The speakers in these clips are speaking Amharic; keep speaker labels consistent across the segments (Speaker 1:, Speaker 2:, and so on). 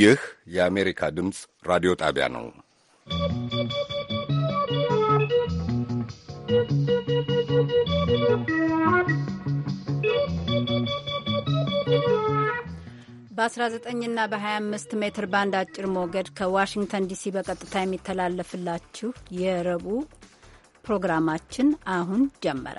Speaker 1: ይህ የአሜሪካ ድምፅ ራዲዮ ጣቢያ ነው።
Speaker 2: በ19ና በ25 ሜትር ባንድ አጭር ሞገድ ከዋሽንግተን ዲሲ በቀጥታ የሚተላለፍላችሁ የረቡዕ ፕሮግራማችን አሁን ጀመረ።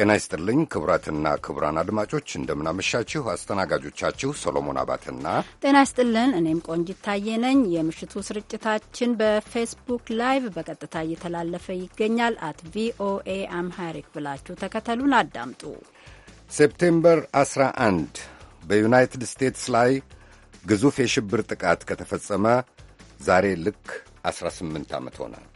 Speaker 1: ጤና ይስጥልኝ ክቡራትና ክቡራን አድማጮች እንደምናመሻችሁ። አስተናጋጆቻችሁ ሶሎሞን አባትና
Speaker 2: ጤና ይስጥልን እኔም ቆንጂት ታዬ ነኝ። የምሽቱ ስርጭታችን በፌስቡክ ላይቭ በቀጥታ እየተላለፈ ይገኛል። አት ቪኦኤ አምሃሪክ ብላችሁ ተከተሉን አዳምጡ።
Speaker 1: ሴፕቴምበር 11 በዩናይትድ ስቴትስ ላይ ግዙፍ የሽብር ጥቃት ከተፈጸመ ዛሬ ልክ 18 ዓመት ሆናል።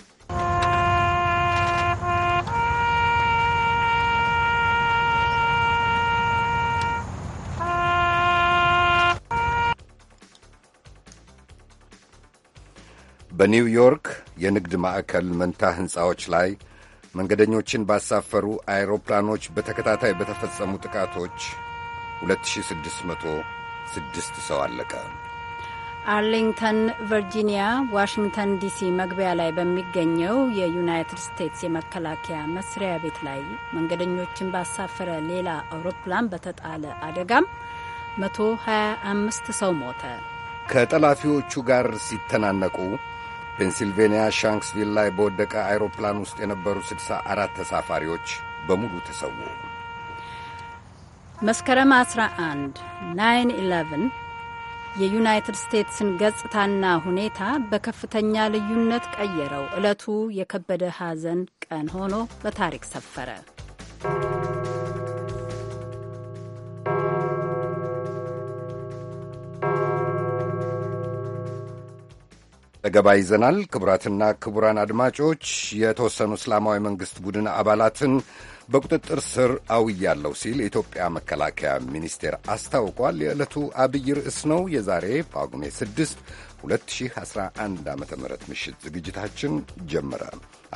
Speaker 1: በኒውዮርክ የንግድ ማዕከል መንታ ሕንፃዎች ላይ መንገደኞችን ባሳፈሩ አይሮፕላኖች በተከታታይ በተፈጸሙ ጥቃቶች 2606 ሰው አለቀ።
Speaker 2: አርሊንግተን ቨርጂኒያ፣ ዋሽንግተን ዲሲ መግቢያ ላይ በሚገኘው የዩናይትድ ስቴትስ የመከላከያ መስሪያ ቤት ላይ መንገደኞችን ባሳፈረ ሌላ አውሮፕላን በተጣለ አደጋም 125 ሰው ሞተ።
Speaker 1: ከጠላፊዎቹ ጋር ሲተናነቁ ፔንሲልቬንያ ሻንክስቪል ላይ በወደቀ አይሮፕላን ውስጥ የነበሩ ስድሳ አራት ተሳፋሪዎች በሙሉ ተሰዉ።
Speaker 2: መስከረም 11 ናይን ኢለቨን የዩናይትድ ስቴትስን ገጽታና ሁኔታ በከፍተኛ ልዩነት ቀየረው። ዕለቱ የከበደ ሐዘን ቀን ሆኖ በታሪክ ሰፈረ።
Speaker 1: ዘገባ ይዘናል። ክቡራትና ክቡራን አድማጮች የተወሰኑ እስላማዊ መንግሥት ቡድን አባላትን በቁጥጥር ስር አውያለሁ ሲል የኢትዮጵያ መከላከያ ሚኒስቴር አስታውቋል። የዕለቱ አብይ ርዕስ ነው። የዛሬ ጳጉሜ 6 2011 ዓ ም ምሽት ዝግጅታችን ጀመረ።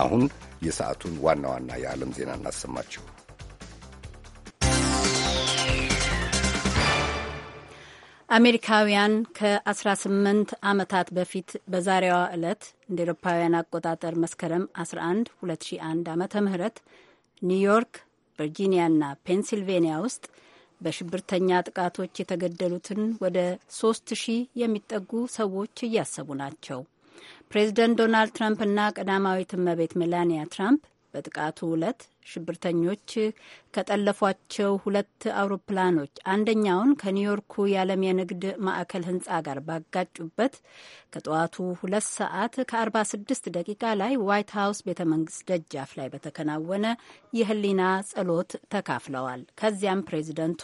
Speaker 1: አሁን የሰዓቱን ዋና ዋና የዓለም ዜና እናሰማችሁ።
Speaker 2: አሜሪካውያን ከ18 ዓመታት በፊት በዛሬዋ ዕለት እንደ ኤሮፓውያን አቆጣጠር መስከረም 11 2001 ዓ ም ኒውዮርክ፣ ቨርጂኒያና ፔንሲልቬንያ ውስጥ በሽብርተኛ ጥቃቶች የተገደሉትን ወደ ሺህ የሚጠጉ ሰዎች እያሰቡ ናቸው። ፕሬዚደንት ዶናልድ ትራምፕና ቀዳማዊት እመቤት ሜላኒያ ትራምፕ በጥቃቱ ዕለት ሽብርተኞች ከጠለፏቸው ሁለት አውሮፕላኖች አንደኛውን ከኒውዮርኩ የዓለም የንግድ ማዕከል ህንፃ ጋር ባጋጩበት ከጠዋቱ ሁለት ሰዓት ከ46 ደቂቃ ላይ ዋይት ሀውስ ቤተ መንግስት ደጃፍ ላይ በተከናወነ የህሊና ጸሎት ተካፍለዋል። ከዚያም ፕሬዚደንቱ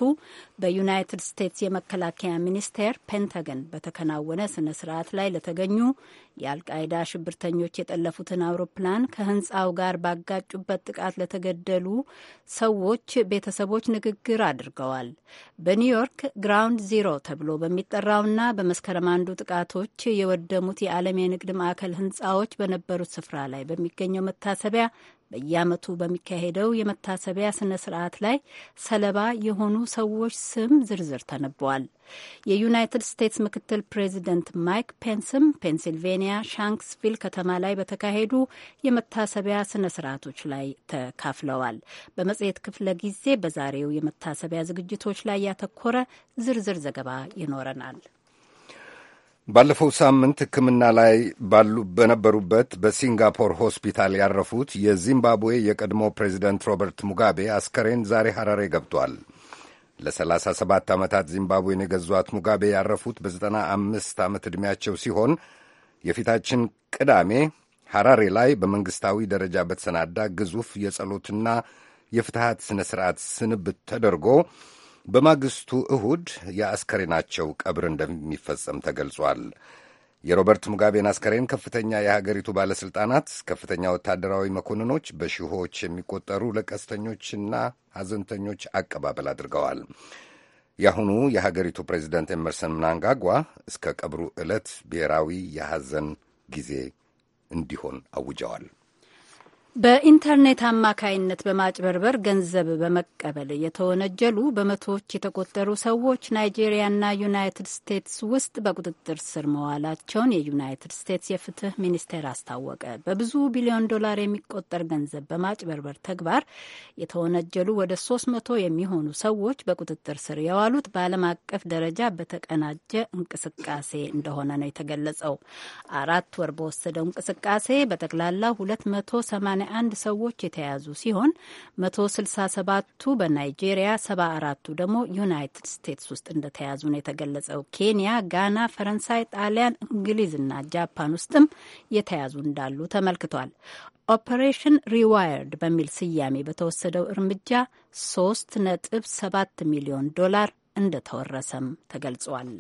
Speaker 2: በዩናይትድ ስቴትስ የመከላከያ ሚኒስቴር ፔንታገን በተከናወነ ስነ ስርዓት ላይ ለተገኙ የአልቃይዳ ሽብርተኞች የጠለፉትን አውሮፕላን ከህንፃው ጋር ባጋጩበት ጥቃት ለተገደሉ ሰዎች ሰዎች ቤተሰቦች ንግግር አድርገዋል። በኒውዮርክ ግራውንድ ዚሮ ተብሎ በሚጠራውና በመስከረም አንዱ ጥቃቶች የወደሙት የዓለም የንግድ ማዕከል ህንፃዎች በነበሩት ስፍራ ላይ በሚገኘው መታሰቢያ በየዓመቱ በሚካሄደው የመታሰቢያ ስነ ስርዓት ላይ ሰለባ የሆኑ ሰዎች ስም ዝርዝር ተነበዋል። የዩናይትድ ስቴትስ ምክትል ፕሬዚደንት ማይክ ፔንስም ፔንሲልቬኒያ ሻንክስቪል ከተማ ላይ በተካሄዱ የመታሰቢያ ስነ ስርዓቶች ላይ ተካፍለዋል። በመጽሔት ክፍለ ጊዜ በዛሬው የመታሰቢያ ዝግጅቶች ላይ ያተኮረ ዝርዝር ዘገባ ይኖረናል።
Speaker 1: ባለፈው ሳምንት ሕክምና ላይ ባሉ በነበሩበት በሲንጋፖር ሆስፒታል ያረፉት የዚምባብዌ የቀድሞ ፕሬዚደንት ሮበርት ሙጋቤ አስከሬን ዛሬ ሐራሬ ገብቷል። ለ37 ዓመታት ዚምባብዌን የገዟት ሙጋቤ ያረፉት በ አምስት ዓመት ዕድሜያቸው ሲሆን የፊታችን ቅዳሜ ሐራሬ ላይ በመንግሥታዊ ደረጃ በተሰናዳ ግዙፍ የጸሎትና የፍትሐት ሥነ ሥርዓት ስንብት ተደርጎ በማግስቱ እሁድ የአስከሬናቸው ቀብር እንደሚፈጸም ተገልጿል። የሮበርት ሙጋቤን አስከሬን ከፍተኛ የሀገሪቱ ባለሥልጣናት፣ ከፍተኛ ወታደራዊ መኮንኖች፣ በሺዎች የሚቆጠሩ ለቀስተኞችና ሐዘንተኞች አቀባበል አድርገዋል። የአሁኑ የሀገሪቱ ፕሬዚደንት ኤመርሰን ምናንጋጓ እስከ ቀብሩ ዕለት ብሔራዊ የሐዘን ጊዜ እንዲሆን አውጀዋል።
Speaker 2: በኢንተርኔት አማካይነት በማጭበርበር ገንዘብ በመቀበል የተወነጀሉ በመቶዎች የተቆጠሩ ሰዎች ናይጄሪያና ዩናይትድ ስቴትስ ውስጥ በቁጥጥር ስር መዋላቸውን የዩናይትድ ስቴትስ የፍትህ ሚኒስቴር አስታወቀ። በብዙ ቢሊዮን ዶላር የሚቆጠር ገንዘብ በማጭበርበር ተግባር የተወነጀሉ ወደ ሶስት መቶ የሚሆኑ ሰዎች በቁጥጥር ስር የዋሉት በዓለም አቀፍ ደረጃ በተቀናጀ እንቅስቃሴ እንደሆነ ነው የተገለጸው። አራት ወር በወሰደው እንቅስቃሴ በጠቅላላ ሁለት መቶ ሰማ 81 ሰዎች የተያዙ ሲሆን 167ቱ በናይጄሪያ፣ 74ቱ ደግሞ ዩናይትድ ስቴትስ ውስጥ እንደተያዙ ነው የተገለጸው። ኬንያ፣ ጋና፣ ፈረንሳይ፣ ጣሊያን፣ እንግሊዝና ጃፓን ውስጥም የተያዙ እንዳሉ ተመልክቷል። ኦፐሬሽን ሪዋይርድ በሚል ስያሜ በተወሰደው እርምጃ 3.7 ሚሊዮን ዶላር እንደተወረሰም ተገልጿል።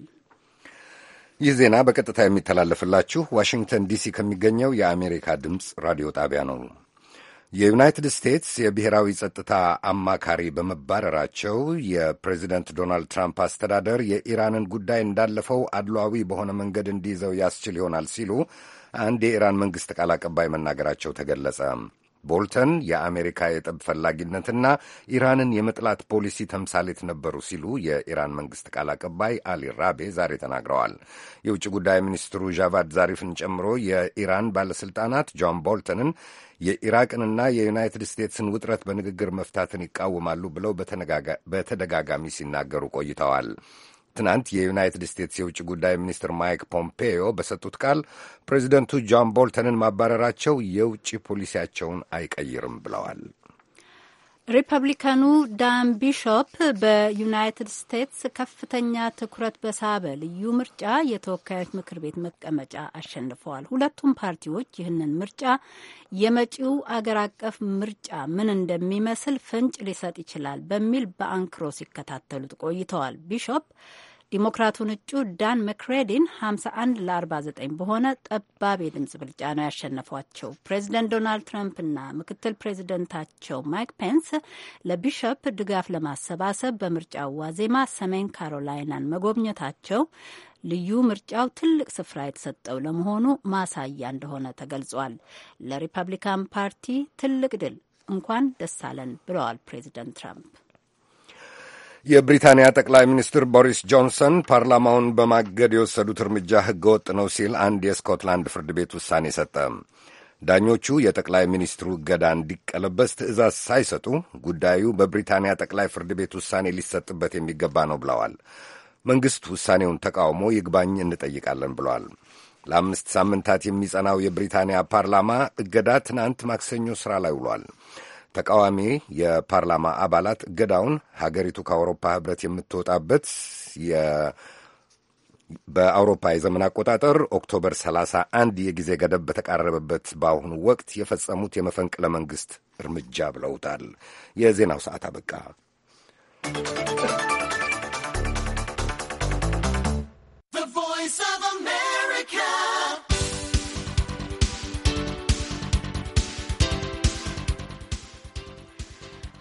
Speaker 1: ይህ ዜና በቀጥታ የሚተላለፍላችሁ ዋሽንግተን ዲሲ ከሚገኘው የአሜሪካ ድምፅ ራዲዮ ጣቢያ ነው። የዩናይትድ ስቴትስ የብሔራዊ ጸጥታ አማካሪ በመባረራቸው የፕሬዚደንት ዶናልድ ትራምፕ አስተዳደር የኢራንን ጉዳይ እንዳለፈው አድሏዊ በሆነ መንገድ እንዲይዘው ያስችል ይሆናል ሲሉ አንድ የኢራን መንግሥት ቃል አቀባይ መናገራቸው ተገለጸ። ቦልተን የአሜሪካ የጠብ ፈላጊነትና ኢራንን የመጥላት ፖሊሲ ተምሳሌት ነበሩ ሲሉ የኢራን መንግስት ቃል አቀባይ አሊ ራቤ ዛሬ ተናግረዋል። የውጭ ጉዳይ ሚኒስትሩ ዣቫድ ዛሪፍን ጨምሮ የኢራን ባለስልጣናት ጆን ቦልተንን የኢራቅንና የዩናይትድ ስቴትስን ውጥረት በንግግር መፍታትን ይቃወማሉ ብለው በተደጋጋሚ ሲናገሩ ቆይተዋል። ትናንት የዩናይትድ ስቴትስ የውጭ ጉዳይ ሚኒስትር ማይክ ፖምፔዮ በሰጡት ቃል ፕሬዚደንቱ ጆን ቦልተንን ማባረራቸው የውጭ ፖሊሲያቸውን አይቀይርም ብለዋል።
Speaker 2: ሪፐብሊካኑ ዳን ቢሾፕ በዩናይትድ ስቴትስ ከፍተኛ ትኩረት በሳበ ልዩ ምርጫ የተወካዮች ምክር ቤት መቀመጫ አሸንፈዋል። ሁለቱም ፓርቲዎች ይህንን ምርጫ የመጪው አገር አቀፍ ምርጫ ምን እንደሚመስል ፍንጭ ሊሰጥ ይችላል በሚል በአንክሮ ሲከታተሉት ቆይተዋል። ቢሾፕ ዲሞክራቱን እጩ ዳን መክሬዲን 51 ለ49 በሆነ ጠባብ የድምፅ ብልጫ ነው ያሸነፏቸው። ፕሬዚደንት ዶናልድ ትራምፕና ምክትል ፕሬዚደንታቸው ማይክ ፔንስ ለቢሾፕ ድጋፍ ለማሰባሰብ በምርጫው ዋዜማ ሰሜን ካሮላይናን መጎብኘታቸው ልዩ ምርጫው ትልቅ ስፍራ የተሰጠው ለመሆኑ ማሳያ እንደሆነ ተገልጿል። ለሪፐብሊካን ፓርቲ ትልቅ ድል እንኳን ደስ አለን ብለዋል ፕሬዚደንት ትራምፕ።
Speaker 1: የብሪታንያ ጠቅላይ ሚኒስትር ቦሪስ ጆንሰን ፓርላማውን በማገድ የወሰዱት እርምጃ ሕገወጥ ነው ሲል አንድ የስኮትላንድ ፍርድ ቤት ውሳኔ ሰጠ። ዳኞቹ የጠቅላይ ሚኒስትሩ እገዳ እንዲቀለበስ ትዕዛዝ ሳይሰጡ ጉዳዩ በብሪታንያ ጠቅላይ ፍርድ ቤት ውሳኔ ሊሰጥበት የሚገባ ነው ብለዋል። መንግሥት ውሳኔውን ተቃውሞ ይግባኝ እንጠይቃለን ብለዋል። ለአምስት ሳምንታት የሚጸናው የብሪታንያ ፓርላማ እገዳ ትናንት ማክሰኞ ሥራ ላይ ውሏል። ተቃዋሚ የፓርላማ አባላት እገዳውን ሀገሪቱ ከአውሮፓ ህብረት የምትወጣበት በአውሮፓ የዘመን አቆጣጠር ኦክቶበር 31 የጊዜ ገደብ በተቃረበበት በአሁኑ ወቅት የፈጸሙት የመፈንቅለ መንግስት እርምጃ ብለውታል። የዜናው ሰዓት አበቃ።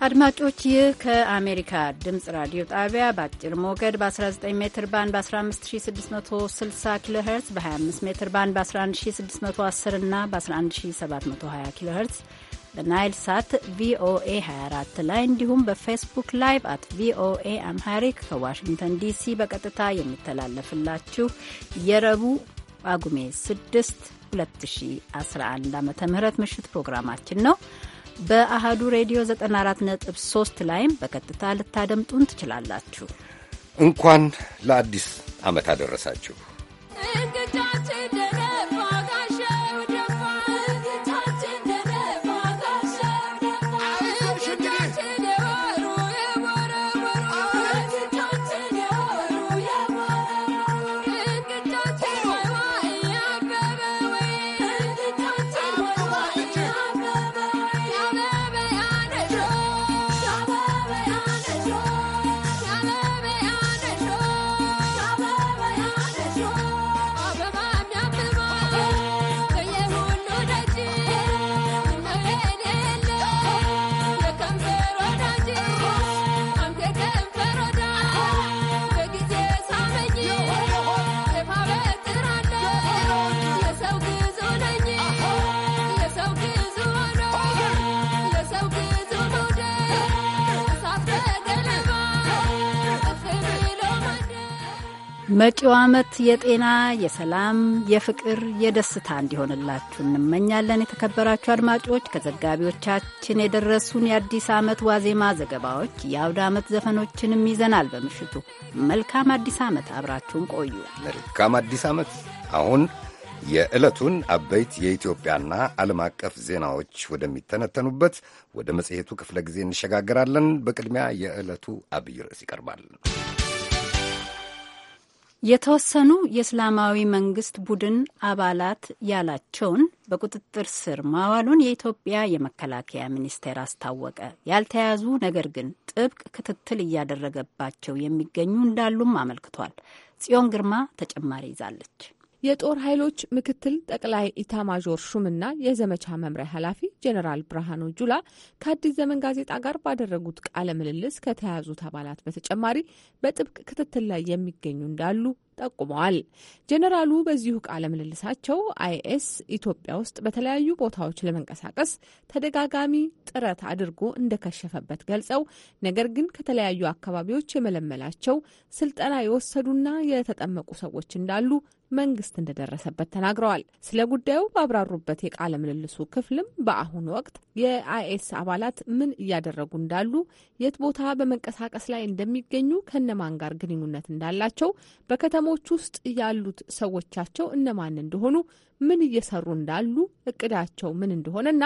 Speaker 2: አድማጮች ይህ ከአሜሪካ ድምጽ ራዲዮ ጣቢያ በአጭር ሞገድ በ19 ሜትር ባንድ በ15660 ኪሎ ሄርትስ በ25 ሜትር ባንድ በ11610 እና በ11720 ኪሎ ሄርትስ በናይል ሳት ቪኦኤ 24 ላይ እንዲሁም በፌስቡክ ላይቭ አት ቪኦኤ አምሃሪክ ከዋሽንግተን ዲሲ በቀጥታ የሚተላለፍላችሁ የረቡዕ ጳጉሜ 6 2011 ዓ ም ምሽት ፕሮግራማችን ነው። በአሃዱ ሬዲዮ 94.3 ላይም
Speaker 1: በቀጥታ ልታደምጡን ትችላላችሁ። እንኳን ለአዲስ ዓመት አደረሳችሁ።
Speaker 2: መጪው ዓመት የጤና፣ የሰላም፣ የፍቅር፣ የደስታ እንዲሆንላችሁ እንመኛለን። የተከበራችሁ አድማጮች ከዘጋቢዎቻችን የደረሱን የአዲስ ዓመት ዋዜማ ዘገባዎች፣ የአውደ ዓመት ዘፈኖችንም ይዘናል በምሽቱ። መልካም አዲስ ዓመት፣ አብራችሁን ቆዩ።
Speaker 1: መልካም አዲስ ዓመት። አሁን የዕለቱን አበይት የኢትዮጵያና ዓለም አቀፍ ዜናዎች ወደሚተነተኑበት ወደ መጽሔቱ ክፍለ ጊዜ እንሸጋገራለን። በቅድሚያ የዕለቱ አብይ ርዕስ ይቀርባል።
Speaker 2: የተወሰኑ የእስላማዊ መንግስት ቡድን አባላት ያላቸውን በቁጥጥር ስር ማዋሉን የኢትዮጵያ የመከላከያ ሚኒስቴር አስታወቀ። ያልተያዙ ነገር ግን ጥብቅ ክትትል እያደረገባቸው የሚገኙ እንዳሉም አመልክቷል። ጽዮን ግርማ
Speaker 3: ተጨማሪ ይዛለች። የጦር ኃይሎች ምክትል ጠቅላይ ኢታማዦር ሹምና የዘመቻ መምሪያ ኃላፊ ጀኔራል ብርሃኑ ጁላ ከአዲስ ዘመን ጋዜጣ ጋር ባደረጉት ቃለ ምልልስ ከተያዙት አባላት በተጨማሪ በጥብቅ ክትትል ላይ የሚገኙ እንዳሉ ጠቁመዋል። ጄኔራሉ በዚሁ ቃለ ምልልሳቸው አይኤስ ኢትዮጵያ ውስጥ በተለያዩ ቦታዎች ለመንቀሳቀስ ተደጋጋሚ ጥረት አድርጎ እንደከሸፈበት ገልጸው ነገር ግን ከተለያዩ አካባቢዎች የመለመላቸው ስልጠና የወሰዱና የተጠመቁ ሰዎች እንዳሉ መንግስት እንደደረሰበት ተናግረዋል። ስለ ጉዳዩ ባብራሩበት የቃለ ምልልሱ ክፍልም በአሁኑ ወቅት የአይኤስ አባላት ምን እያደረጉ እንዳሉ፣ የት ቦታ በመንቀሳቀስ ላይ እንደሚገኙ፣ ከነማን ጋር ግንኙነት እንዳላቸው በከተ ከተሞች ውስጥ ያሉት ሰዎቻቸው እነማን እንደሆኑ፣ ምን እየሰሩ እንዳሉ፣ እቅዳቸው ምን እንደሆነና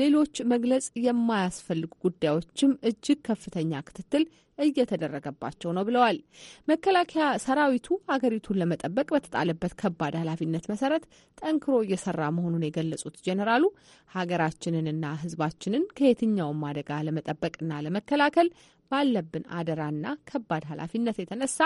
Speaker 3: ሌሎች መግለጽ የማያስፈልጉ ጉዳዮችም እጅግ ከፍተኛ ክትትል እየተደረገባቸው ነው ብለዋል። መከላከያ ሰራዊቱ አገሪቱን ለመጠበቅ በተጣለበት ከባድ ኃላፊነት መሰረት ጠንክሮ እየሰራ መሆኑን የገለጹት ጄኔራሉ ሀገራችንንና ሕዝባችንን ከየትኛውም አደጋ ለመጠበቅና ለመከላከል ባለብን አደራና ከባድ ኃላፊነት የተነሳ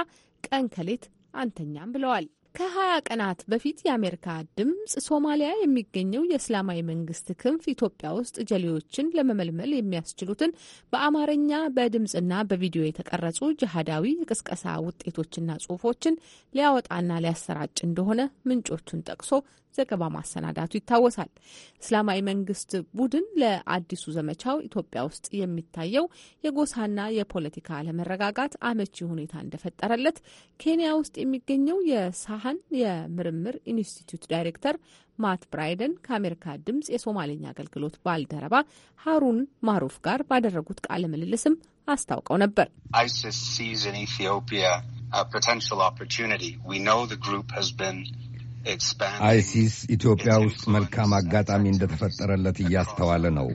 Speaker 3: ቀን ከሌት አንተኛም ብለዋል። ከ20 ቀናት በፊት የአሜሪካ ድምፅ ሶማሊያ የሚገኘው የእስላማዊ መንግስት ክንፍ ኢትዮጵያ ውስጥ ጀሌዎችን ለመመልመል የሚያስችሉትን በአማርኛ በድምፅና በቪዲዮ የተቀረጹ ጅሃዳዊ የቅስቀሳ ውጤቶችና ጽሁፎችን ሊያወጣና ሊያሰራጭ እንደሆነ ምንጮቹን ጠቅሶ ዘገባ ማሰናዳቱ ይታወሳል። እስላማዊ መንግስት ቡድን ለአዲሱ ዘመቻው ኢትዮጵያ ውስጥ የሚታየው የጎሳና የፖለቲካ አለመረጋጋት አመቺ ሁኔታ እንደፈጠረለት ኬንያ ውስጥ የሚገኘው የሳህን የምርምር ኢንስቲትዩት ዳይሬክተር ማት ብራይደን ከአሜሪካ ድምጽ የሶማሌኛ አገልግሎት ባልደረባ ሀሩን ማሩፍ ጋር ባደረጉት ቃለ ምልልስም
Speaker 1: አስታውቀው ነበር።
Speaker 4: አይሲስ ሲዝ ኢን ኢትዮጵያ ፖቴንሻል ኦፖርቹኒቲ ዊ ኖው ዘ ግሩፕ ሀዝ ቢን
Speaker 1: አይሲስ ኢትዮጵያ ውስጥ መልካም አጋጣሚ እንደተፈጠረለት እያስተዋለ ነው።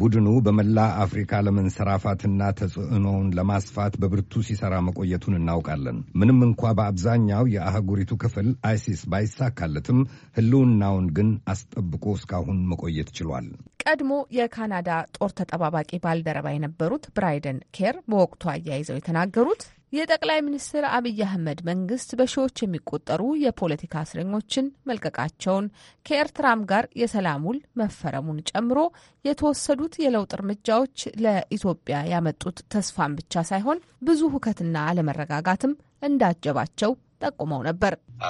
Speaker 1: ቡድኑ በመላ አፍሪካ ለመንሰራፋትና ተጽዕኖውን ለማስፋት በብርቱ ሲሰራ መቆየቱን እናውቃለን። ምንም እንኳ በአብዛኛው የአህጉሪቱ ክፍል አይሲስ ባይሳካለትም ሕልውናውን ግን አስጠብቆ እስካሁን መቆየት ችሏል።
Speaker 3: ቀድሞ የካናዳ ጦር ተጠባባቂ ባልደረባ የነበሩት ብራይደን ኬር በወቅቱ አያይዘው የተናገሩት የጠቅላይ ሚኒስትር አብይ አህመድ መንግስት በሺዎች የሚቆጠሩ የፖለቲካ እስረኞችን መልቀቃቸውን ከኤርትራም ጋር የሰላም ውል መፈረሙን ጨምሮ የተወሰዱት የለውጥ እርምጃዎች ለኢትዮጵያ ያመጡት ተስፋን ብቻ ሳይሆን ብዙ ሁከትና አለመረጋጋትም እንዳጀባቸው ጠቁመው ነበር።
Speaker 4: uh,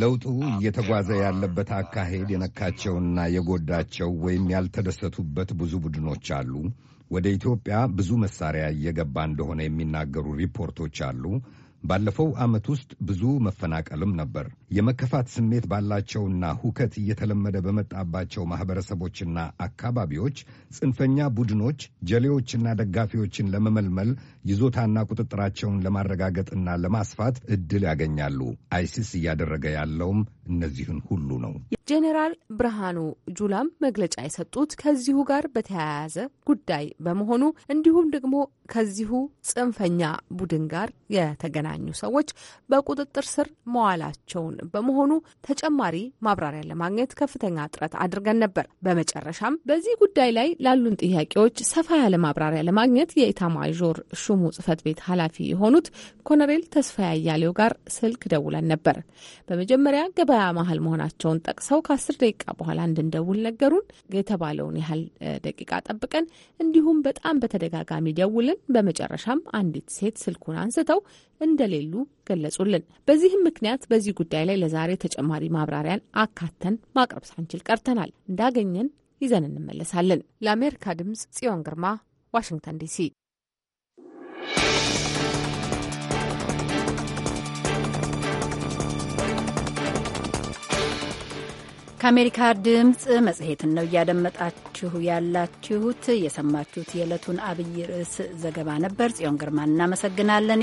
Speaker 1: ለውጡ እየተጓዘ ያለበት አካሄድ የነካቸውና የጎዳቸው ወይም ያልተደሰቱበት ብዙ ቡድኖች አሉ። ወደ ኢትዮጵያ ብዙ መሳሪያ እየገባ እንደሆነ የሚናገሩ ሪፖርቶች አሉ። ባለፈው ዓመት ውስጥ ብዙ መፈናቀልም ነበር። የመከፋት ስሜት ባላቸውና ሁከት እየተለመደ በመጣባቸው ማኅበረሰቦችና አካባቢዎች ጽንፈኛ ቡድኖች ጀሌዎችና ደጋፊዎችን ለመመልመል ይዞታና ቁጥጥራቸውን ለማረጋገጥና ለማስፋት እድል ያገኛሉ። አይሲስ እያደረገ ያለውም እነዚህን ሁሉ ነው።
Speaker 3: ጄኔራል ብርሃኑ ጁላም መግለጫ የሰጡት ከዚሁ ጋር በተያያዘ ጉዳይ በመሆኑ እንዲሁም ደግሞ ከዚሁ ጽንፈኛ ቡድን ጋር የተገናኙ ሰዎች በቁጥጥር ስር መዋላቸውን በመሆኑ ተጨማሪ ማብራሪያ ለማግኘት ከፍተኛ ጥረት አድርገን ነበር። በመጨረሻም በዚህ ጉዳይ ላይ ላሉን ጥያቄዎች ሰፋ ያለ ማብራሪያ ለማግኘት የኢታማዦር ሹ የክትሙ ጽህፈት ቤት ኃላፊ የሆኑት ኮሎኔል ተስፋዬ አያሌው ጋር ስልክ ደውለን ነበር። በመጀመሪያ ገበያ መሀል መሆናቸውን ጠቅሰው ከአስር ደቂቃ በኋላ እንድንደውል ነገሩን። የተባለውን ያህል ደቂቃ ጠብቀን እንዲሁም በጣም በተደጋጋሚ ደውልን። በመጨረሻም አንዲት ሴት ስልኩን አንስተው እንደሌሉ ገለጹልን። በዚህም ምክንያት በዚህ ጉዳይ ላይ ለዛሬ ተጨማሪ ማብራሪያን አካተን ማቅረብ ሳንችል ቀርተናል። እንዳገኘን ይዘን እንመለሳለን። ለአሜሪካ ድምጽ ጽዮን ግርማ ዋሽንግተን ዲሲ
Speaker 2: ከአሜሪካ ድምፅ መጽሔትን ነው እያደመጣችሁ ያላችሁት። የሰማችሁት የዕለቱን አብይ ርዕስ ዘገባ ነበር። ጽዮን ግርማ እናመሰግናለን።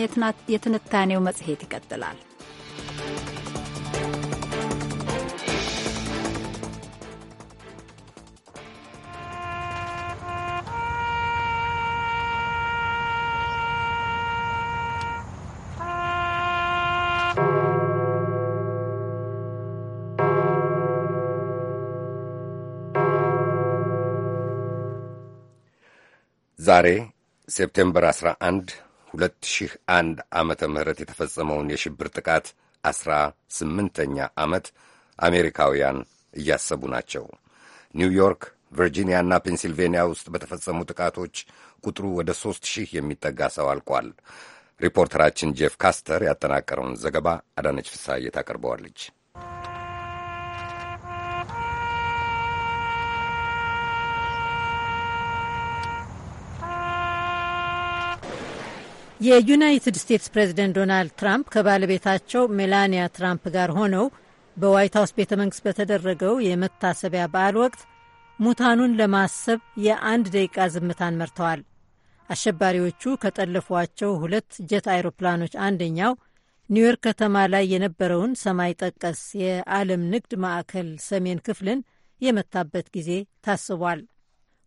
Speaker 2: የትንታኔው መጽሔት ይቀጥላል።
Speaker 1: ዛሬ ሴፕቴምበር 11 2001 ዓመተ ምህረት የተፈጸመውን የሽብር ጥቃት አስራ ኛ ዓመት አሜሪካውያን እያሰቡ ናቸው። ኒውዮርክ፣ ቨርጂኒያና ፔንሲልቬንያ ውስጥ በተፈጸሙ ጥቃቶች ቁጥሩ ወደ ሦስት ሺህ የሚጠጋ ሰው አልቋል። ሪፖርተራችን ጄፍ ካስተር ያጠናቀረውን ዘገባ አዳነች ፍስሐዬ ታቀርበዋለች።
Speaker 5: የዩናይትድ ስቴትስ ፕሬዚደንት ዶናልድ ትራምፕ ከባለቤታቸው ሜላኒያ ትራምፕ ጋር ሆነው በዋይት ሀውስ ቤተ መንግስት በተደረገው የመታሰቢያ በዓል ወቅት ሙታኑን ለማሰብ የአንድ ደቂቃ ዝምታን መርተዋል። አሸባሪዎቹ ከጠለፏቸው ሁለት ጀት አይሮፕላኖች አንደኛው ኒውዮርክ ከተማ ላይ የነበረውን ሰማይ ጠቀስ የዓለም ንግድ ማዕከል ሰሜን ክፍልን የመታበት ጊዜ ታስቧል።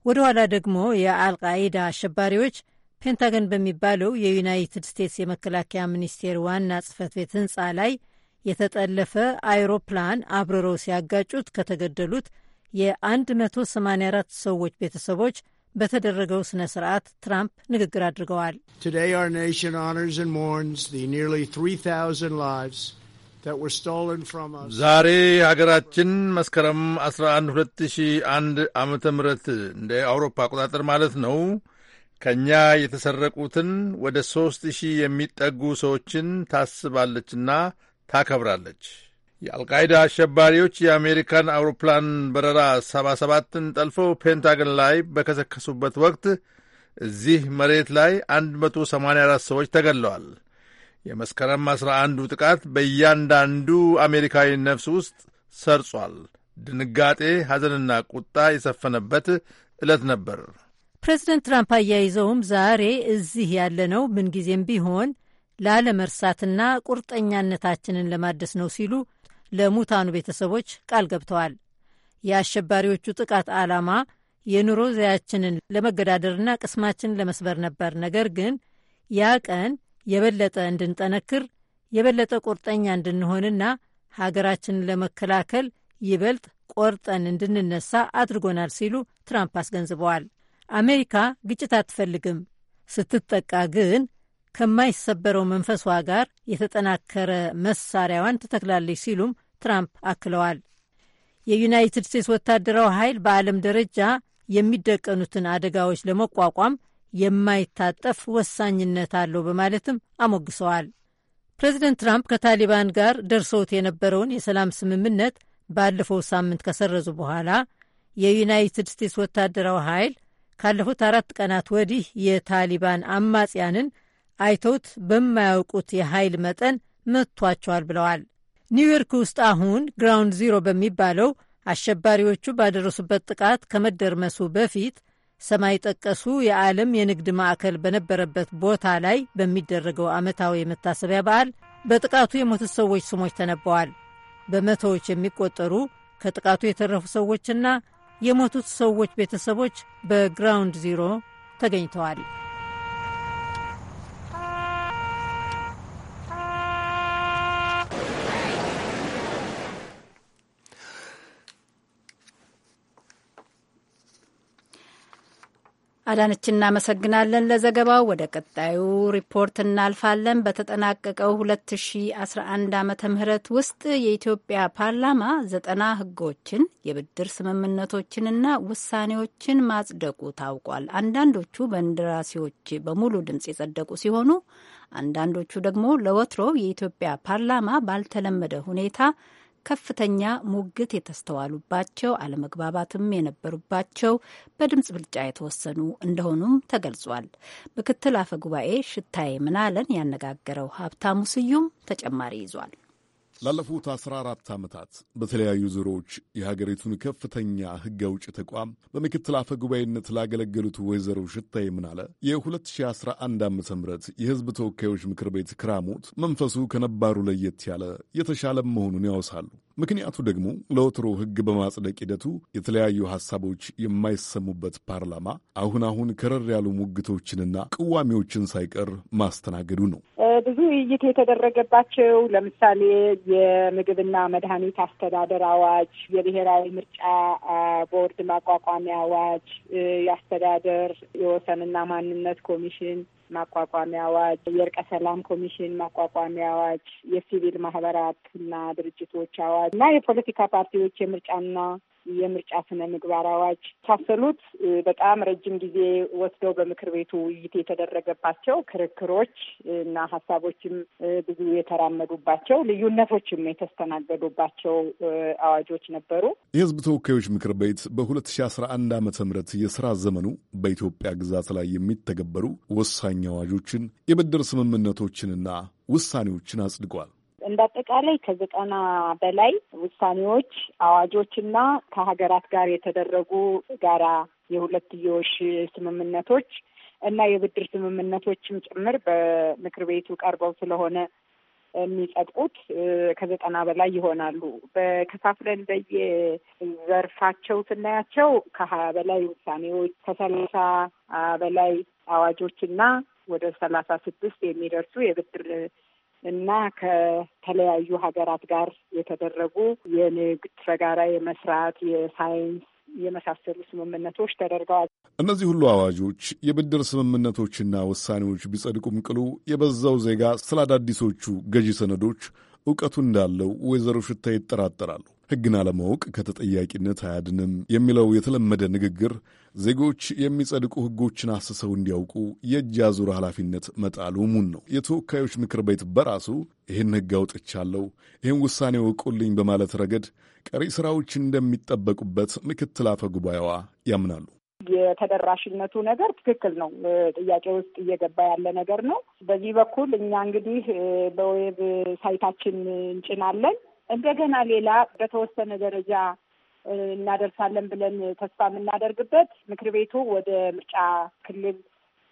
Speaker 5: ወደ ኋላ ደግሞ የአልቃኢዳ አሸባሪዎች ፔንታገን በሚባለው የዩናይትድ ስቴትስ የመከላከያ ሚኒስቴር ዋና ጽህፈት ቤት ህንፃ ላይ የተጠለፈ አይሮፕላን አብርረው ሲያጋጩት ከተገደሉት የ184 ሰዎች ቤተሰቦች በተደረገው ስነ ስርዓት ትራምፕ ንግግር አድርገዋል።
Speaker 6: ዛሬ ሀገራችን መስከረም 11 2001 ዓ ም እንደ አውሮፓ አቆጣጠር ማለት ነው ከእኛ የተሰረቁትን ወደ ሦስት ሺህ የሚጠጉ ሰዎችን ታስባለችና ታከብራለች። የአልቃይዳ አሸባሪዎች የአሜሪካን አውሮፕላን በረራ 77ን ጠልፈው ፔንታገን ላይ በከሰከሱበት ወቅት እዚህ መሬት ላይ 184 ሰዎች ተገለዋል። የመስከረም 11 ጥቃት በእያንዳንዱ አሜሪካዊ ነፍስ ውስጥ ሰርጿል። ድንጋጤ፣ ሐዘንና ቁጣ የሰፈነበት ዕለት ነበር።
Speaker 5: ፕሬዚደንት ትራምፕ አያይዘውም ዛሬ እዚህ ያለነው ምንጊዜም ቢሆን ላለመርሳትና ቁርጠኛነታችንን ለማደስ ነው ሲሉ ለሙታኑ ቤተሰቦች ቃል ገብተዋል። የአሸባሪዎቹ ጥቃት ዓላማ የኑሮ ዘያችንን ለመገዳደርና ቅስማችንን ለመስበር ነበር። ነገር ግን ያ ቀን የበለጠ እንድንጠነክር የበለጠ ቁርጠኛ እንድንሆንና ሀገራችንን ለመከላከል ይበልጥ ቆርጠን እንድንነሳ አድርጎናል ሲሉ ትራምፕ አስገንዝበዋል። አሜሪካ ግጭት አትፈልግም፣ ስትጠቃ ግን ከማይሰበረው መንፈሷ ጋር የተጠናከረ መሳሪያዋን ትተክላለች ሲሉም ትራምፕ አክለዋል። የዩናይትድ ስቴትስ ወታደራዊ ኃይል በዓለም ደረጃ የሚደቀኑትን አደጋዎች ለመቋቋም የማይታጠፍ ወሳኝነት አለው በማለትም አሞግሰዋል። ፕሬዚደንት ትራምፕ ከታሊባን ጋር ደርሰውት የነበረውን የሰላም ስምምነት ባለፈው ሳምንት ከሰረዙ በኋላ የዩናይትድ ስቴትስ ወታደራዊ ኃይል ካለፉት አራት ቀናት ወዲህ የታሊባን አማጽያንን አይተውት በማያውቁት የኃይል መጠን መጥቷቸዋል ብለዋል። ኒውዮርክ ውስጥ አሁን ግራውንድ ዚሮ በሚባለው አሸባሪዎቹ ባደረሱበት ጥቃት ከመደርመሱ በፊት ሰማይ ጠቀሱ የዓለም የንግድ ማዕከል በነበረበት ቦታ ላይ በሚደረገው ዓመታዊ የመታሰቢያ በዓል በጥቃቱ የሞቱት ሰዎች ስሞች ተነበዋል። በመቶዎች የሚቆጠሩ ከጥቃቱ የተረፉ ሰዎችና የሞቱት ሰዎች ቤተሰቦች በግራውንድ ዚሮ ተገኝተዋል።
Speaker 2: አዳነች እናመሰግናለን ለዘገባው። ወደ ቀጣዩ ሪፖርት እናልፋለን። በተጠናቀቀው 2011 ዓ ም ውስጥ የኢትዮጵያ ፓርላማ ዘጠና ህጎችን የብድር ስምምነቶችንና ውሳኔዎችን ማጽደቁ ታውቋል። አንዳንዶቹ በእንደራሴዎች በሙሉ ድምፅ የጸደቁ ሲሆኑ አንዳንዶቹ ደግሞ ለወትሮው የኢትዮጵያ ፓርላማ ባልተለመደ ሁኔታ ከፍተኛ ሙግት የተስተዋሉባቸው፣ አለመግባባትም የነበሩባቸው በድምፅ ብልጫ የተወሰኑ እንደሆኑም ተገልጿል። ምክትል አፈጉባኤ ሽታዬ ምናለን ያነጋገረው ሀብታሙ ስዩም ተጨማሪ ይዟል።
Speaker 7: ላለፉት 14 ዓመታት በተለያዩ ዙሮዎች የሀገሪቱን ከፍተኛ ሕግ አውጭ ተቋም በምክትል አፈ ጉባኤነት ላገለገሉት ወይዘሮ ሽታ ምናለ የ2011 ዓ ም የሕዝብ ተወካዮች ምክር ቤት ክራሞት መንፈሱ ከነባሩ ለየት ያለ የተሻለ መሆኑን ያወሳሉ። ምክንያቱ ደግሞ ለወትሮ ሕግ በማጽደቅ ሂደቱ የተለያዩ ሐሳቦች የማይሰሙበት ፓርላማ አሁን አሁን ከረር ያሉ ሙግቶችንና ቅዋሚዎችን ሳይቀር ማስተናገዱ ነው።
Speaker 8: ብዙ ውይይት የተደረገባቸው ለምሳሌ የምግብና መድኃኒት አስተዳደር አዋጅ፣ የብሔራዊ ምርጫ ቦርድ ማቋቋሚያ አዋጅ፣ የአስተዳደር የወሰንና ማንነት ኮሚሽን ማቋቋሚያ አዋጅ፣ የእርቀ ሰላም ኮሚሽን ማቋቋሚያ አዋጅ፣ የሲቪል ማህበራትና ድርጅቶች አዋጅ እና የፖለቲካ ፓርቲዎች የምርጫና የምርጫ ስነ ምግባር አዋጅ የመሳሰሉት በጣም ረጅም ጊዜ ወስደው በምክር ቤቱ ውይይት የተደረገባቸው ክርክሮች እና ሀሳቦችም ብዙ የተራመዱባቸው ልዩነቶችም የተስተናገዱባቸው አዋጆች ነበሩ።
Speaker 7: የህዝብ ተወካዮች ምክር ቤት በ2011 ዓ ም የስራ ዘመኑ በኢትዮጵያ ግዛት ላይ የሚተገበሩ ወሳኝ አዋጆችን፣ የብድር ስምምነቶችንና ውሳኔዎችን አጽድቋል።
Speaker 8: እንዳጠቃላይ ከዘጠና በላይ ውሳኔዎች፣ አዋጆች እና ከሀገራት ጋር የተደረጉ ጋራ የሁለትዮሽ ስምምነቶች እና የብድር ስምምነቶችም ጭምር በምክር ቤቱ ቀርበው ስለሆነ የሚጸድቁት ከዘጠና በላይ ይሆናሉ። በከፋፍለን በየዘርፋቸው ስናያቸው ከሀያ በላይ ውሳኔዎች ከሰላሳ በላይ አዋጆችና ወደ ሰላሳ ስድስት የሚደርሱ የብድር እና ከተለያዩ ሀገራት ጋር የተደረጉ የንግድ በጋራ የመስራት የሳይንስ የመሳሰሉ ስምምነቶች ተደርገዋል።
Speaker 7: እነዚህ ሁሉ አዋጆች፣ የብድር ስምምነቶችና ውሳኔዎች ቢጸድቁም ቅሉ የበዛው ዜጋ ስለ አዳዲሶቹ ገዢ ሰነዶች እውቀቱ እንዳለው ወይዘሮ ሽታ ይጠራጠራሉ። ሕግን አለማወቅ ከተጠያቂነት አያድንም የሚለው የተለመደ ንግግር ዜጎች የሚጸድቁ ሕጎችን አስሰው እንዲያውቁ የእጅ አዙር ኃላፊነት መጣሉ እሙን ነው። የተወካዮች ምክር ቤት በራሱ ይህን ሕግ አውጥቻለሁ፣ ይህን ውሳኔ ወቁልኝ በማለት ረገድ ቀሪ ስራዎች እንደሚጠበቁበት ምክትል አፈ ጉባኤዋ ያምናሉ።
Speaker 8: የተደራሽነቱ ነገር ትክክል ነው። ጥያቄ ውስጥ እየገባ ያለ ነገር ነው። በዚህ በኩል እኛ እንግዲህ በዌብ ሳይታችን እንጭናለን እንደገና ሌላ በተወሰነ ደረጃ እናደርሳለን ብለን ተስፋ የምናደርግበት ምክር ቤቱ ወደ ምርጫ ክልል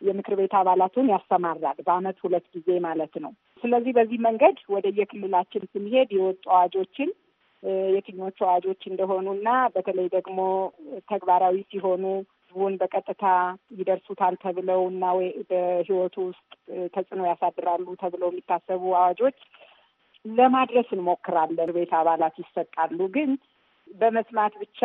Speaker 8: የምክር ቤት አባላቱን ያሰማራል በአመት ሁለት ጊዜ ማለት ነው። ስለዚህ በዚህ መንገድ ወደ የክልላችን ስንሄድ የወጡ አዋጆችን የትኞቹ አዋጆች እንደሆኑ እና በተለይ ደግሞ ተግባራዊ ሲሆኑ ህዝቡን በቀጥታ ይደርሱታል ተብለው እና ወይ በህይወቱ ውስጥ ተጽዕኖ ያሳድራሉ ተብለው የሚታሰቡ አዋጆች ለማድረስ እንሞክራለን። ቤት አባላት ይሰጣሉ ግን በመስማት ብቻ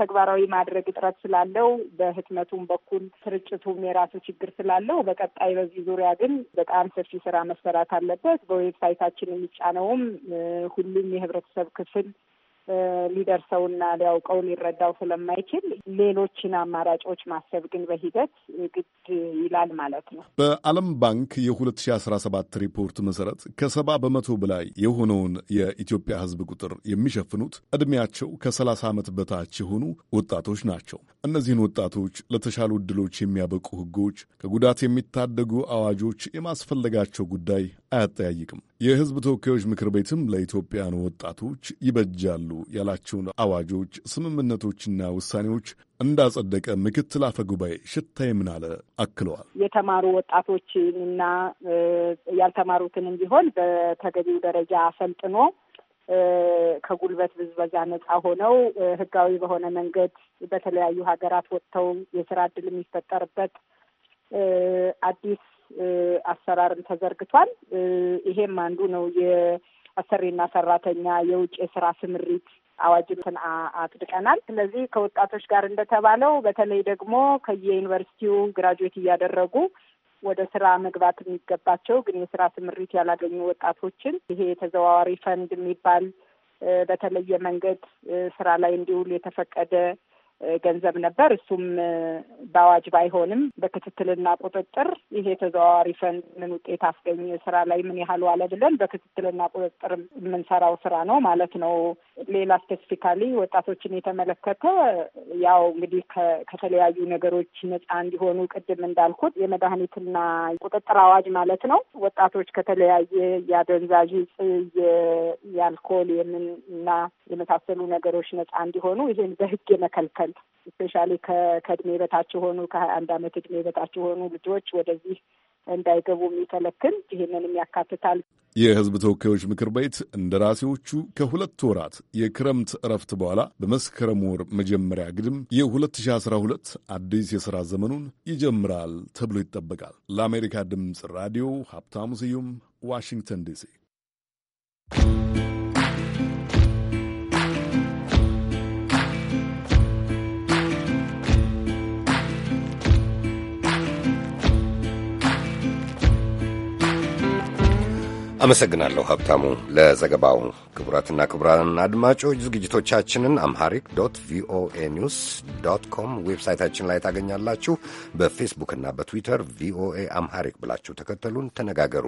Speaker 8: ተግባራዊ ማድረግ እጥረት ስላለው በህትመቱም በኩል ስርጭቱም የራሱ ችግር ስላለው በቀጣይ በዚህ ዙሪያ ግን በጣም ሰፊ ስራ መሰራት አለበት። በዌብሳይታችን የሚጫነውም ሁሉም የህብረተሰብ ክፍል ሊደርሰውና ሊያውቀው ሊረዳው ስለማይችል ሌሎችን አማራጮች ማሰብ ግን በሂደት ግድ ይላል ማለት ነው።
Speaker 7: በዓለም ባንክ የ2017 ሪፖርት መሰረት ከሰባ በመቶ በላይ የሆነውን የኢትዮጵያ ሕዝብ ቁጥር የሚሸፍኑት ዕድሜያቸው ከ30 ዓመት በታች የሆኑ ወጣቶች ናቸው። እነዚህን ወጣቶች ለተሻሉ ዕድሎች የሚያበቁ ሕጎች፣ ከጉዳት የሚታደጉ አዋጆች የማስፈለጋቸው ጉዳይ አያጠያይቅም። የሕዝብ ተወካዮች ምክር ቤትም ለኢትዮጵያን ወጣቶች ይበጃሉ ያላቸውን አዋጆች፣ ስምምነቶችና ውሳኔዎች እንዳጸደቀ ምክትል አፈ ጉባኤ ሽታዬ ምን አለ አክለዋል።
Speaker 8: የተማሩ ወጣቶችንና ያልተማሩትንም ቢሆን በተገቢው ደረጃ አሰልጥኖ ከጉልበት ብዝበዛ ነጻ ሆነው ህጋዊ በሆነ መንገድ በተለያዩ ሀገራት ወጥተው የስራ እድል የሚፈጠርበት አዲስ አሰራርን ተዘርግቷል። ይሄም አንዱ ነው አሰሪና ሰራተኛ የውጭ የስራ ስምሪት አዋጅን አጽድቀናል። ስለዚህ ከወጣቶች ጋር እንደተባለው በተለይ ደግሞ ከየዩኒቨርሲቲው ግራጁዌት እያደረጉ ወደ ስራ መግባት የሚገባቸው ግን የስራ ስምሪት ያላገኙ ወጣቶችን ይሄ የተዘዋዋሪ ፈንድ የሚባል በተለየ መንገድ ስራ ላይ እንዲውል የተፈቀደ ገንዘብ ነበር። እሱም በአዋጅ ባይሆንም በክትትልና ቁጥጥር ይሄ ተዘዋዋሪ ፈንድ ምን ውጤት አስገኝ ስራ ላይ ምን ያህል ዋለ ብለን በክትትልና ቁጥጥር የምንሰራው ስራ ነው ማለት ነው። ሌላ ስፔሲፊካሊ ወጣቶችን የተመለከተ ያው እንግዲህ ከተለያዩ ነገሮች ነጻ እንዲሆኑ ቅድም እንዳልኩት የመድኃኒትና ቁጥጥር አዋጅ ማለት ነው። ወጣቶች ከተለያየ የአደንዛዥ እጽ፣ የአልኮል የምንና የመሳሰሉ ነገሮች ነጻ እንዲሆኑ ይህን በህግ የመከልከል ስፔሻሊ ከእድሜ በታች የሆኑ ከሀያ አንድ አመት እድሜ በታች የሆኑ ልጆች ወደዚህ እንዳይገቡ የሚከለክል ይህንንም ያካትታል።
Speaker 7: የህዝብ ተወካዮች ምክር ቤት እንደራሴዎቹ ከሁለት ወራት የክረምት እረፍት በኋላ በመስከረም ወር መጀመሪያ ግድም የ2012 አዲስ የሥራ ዘመኑን ይጀምራል ተብሎ ይጠበቃል። ለአሜሪካ ድምፅ ራዲዮ ሀብታሙ ስዩም ዋሽንግተን ዲሲ
Speaker 1: አመሰግናለሁ ሀብታሙ ለዘገባው። ክቡራትና ክቡራን አድማጮች ዝግጅቶቻችንን አምሃሪክ ዶት ቪኦኤ ኒውስ ዶት ኮም ዌብሳይታችን ላይ ታገኛላችሁ። በፌስቡክና በትዊተር ቪኦኤ አምሃሪክ ብላችሁ ተከተሉን፣ ተነጋገሩ።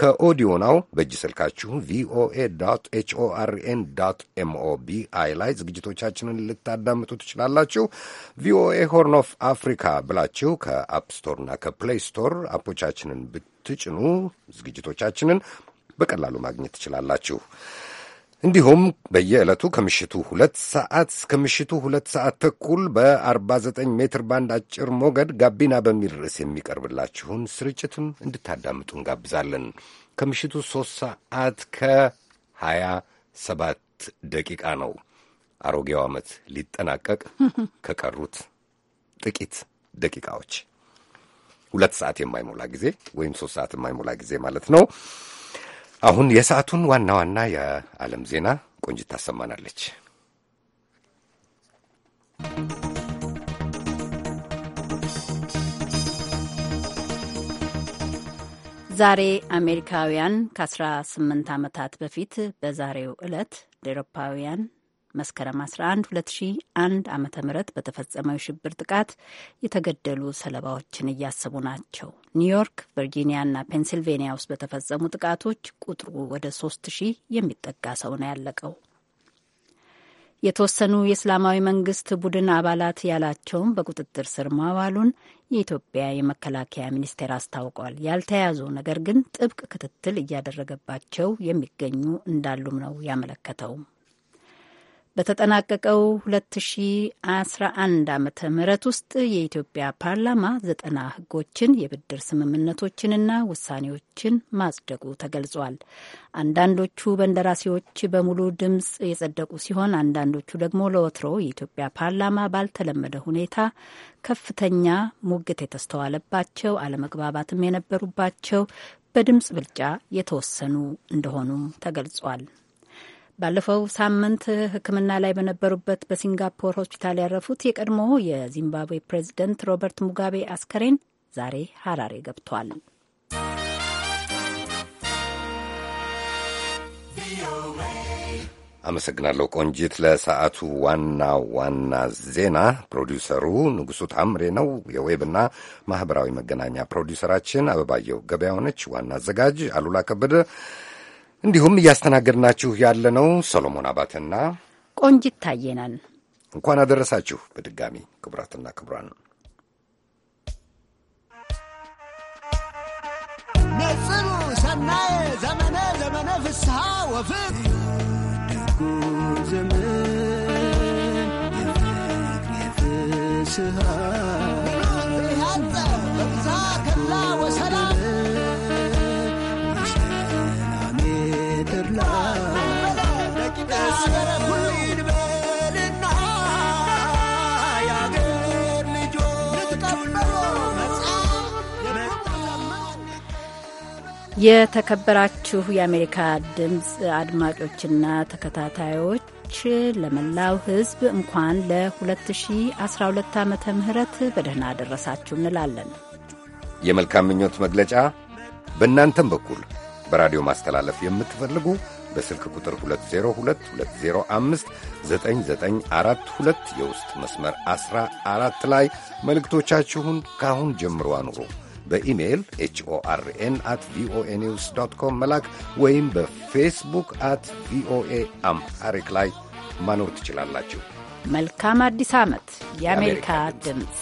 Speaker 1: ከኦዲዮናው በእጅ ስልካችሁ ቪኦኤ ኤችኦአርኤን ኤምኦቢአይ ላይ ዝግጅቶቻችንን ልታዳምጡ ትችላላችሁ። ቪኦኤ ሆርን ኦፍ አፍሪካ ብላችሁ ከአፕስቶርና ከፕሌይ ስቶር አፖቻችንን ብትጭኑ ዝግጅቶቻችንን በቀላሉ ማግኘት ትችላላችሁ። እንዲሁም በየዕለቱ ከምሽቱ ሁለት ሰዓት እስከ ምሽቱ ሁለት ሰዓት ተኩል በ49 ሜትር ባንድ አጭር ሞገድ ጋቢና በሚል ርዕስ የሚቀርብላችሁን ስርጭትም እንድታዳምጡ እንጋብዛለን። ከምሽቱ ሦስት ሰዓት ከሀያ ሰባት ደቂቃ ነው። አሮጌው ዓመት ሊጠናቀቅ ከቀሩት ጥቂት ደቂቃዎች ሁለት ሰዓት የማይሞላ ጊዜ ወይም ሶስት ሰዓት የማይሞላ ጊዜ ማለት ነው። አሁን የሰዓቱን ዋና ዋና የዓለም ዜና ቆንጅት ታሰማናለች።
Speaker 2: ዛሬ አሜሪካውያን ከ18 ዓመታት በፊት በዛሬው ዕለት ለአውሮፓውያን መስከረም 11 2001 ዓ ም በተፈጸመው የሽብር ጥቃት የተገደሉ ሰለባዎችን እያሰቡ ናቸው። ኒውዮርክ፣ ቨርጂኒያና ፔንሲልቬኒያ ውስጥ በተፈጸሙ ጥቃቶች ቁጥሩ ወደ ሺህ የሚጠጋ ሰው ነው ያለቀው። የተወሰኑ የእስላማዊ መንግስት ቡድን አባላት ያላቸውም በቁጥጥር ስር ማዋሉን የኢትዮጵያ የመከላከያ ሚኒስቴር አስታውቋል። ያልተያዙ ነገር ግን ጥብቅ ክትትል እያደረገባቸው የሚገኙ እንዳሉም ነው ያመለከተውም። በተጠናቀቀው 2011 ዓ ም ውስጥ የኢትዮጵያ ፓርላማ ዘጠና ህጎችን የብድር ስምምነቶችንና ውሳኔዎችን ማጽደቁ ተገልጿል። አንዳንዶቹ በንደራሴዎች በሙሉ ድምፅ የጸደቁ ሲሆን አንዳንዶቹ ደግሞ ለወትሮ የኢትዮጵያ ፓርላማ ባልተለመደ ሁኔታ ከፍተኛ ሙግት የተስተዋለባቸው፣ አለመግባባትም የነበሩባቸው በድምፅ ብልጫ የተወሰኑ እንደሆኑ ተገልጿል። ባለፈው ሳምንት ሕክምና ላይ በነበሩበት በሲንጋፖር ሆስፒታል ያረፉት የቀድሞ የዚምባብዌ ፕሬዚደንት ሮበርት ሙጋቤ አስከሬን ዛሬ ሀራሬ ገብቷል።
Speaker 1: አመሰግናለሁ ቆንጂት። ለሰዓቱ ዋና ዋና ዜና ፕሮዲውሰሩ ንጉሱ ታምሬ ነው። የዌብና ማኅበራዊ መገናኛ ፕሮዲውሰራችን አበባየው ገበያው ነች። ዋና አዘጋጅ አሉላ ከበደ እንዲሁም እያስተናገድናችሁ ያለነው ሰሎሞን አባተና
Speaker 2: ቆንጅት ታየናል።
Speaker 1: እንኳን አደረሳችሁ በድጋሚ ክቡራትና ክቡራን
Speaker 4: ነጽሩ ሰናየ ዘመነ ዘመነ ፍስሐ ወፍቅ ዘመን
Speaker 2: የተከበራችሁ የአሜሪካ ድምፅ አድማጮችና ተከታታዮች ለመላው ሕዝብ እንኳን ለ2012 ዓመተ ምህረት በደህና አደረሳችሁ እንላለን።
Speaker 1: የመልካም ምኞት መግለጫ በእናንተም በኩል በራዲዮ ማስተላለፍ የምትፈልጉ በስልክ ቁጥር 2022059942 የውስጥ መስመር 14 ላይ መልእክቶቻችሁን ካሁን ጀምሮ አኑሩ። በኢሜይል ኤችኦአርኤን አት ቪኦኤ ኒውስ ዶት ኮም መላክ ወይም በፌስቡክ አት ቪኦኤ አምሃሪክ ላይ ማኖር ትችላላችሁ። መልካም አዲስ ዓመት።
Speaker 2: የአሜሪካ ድምፅ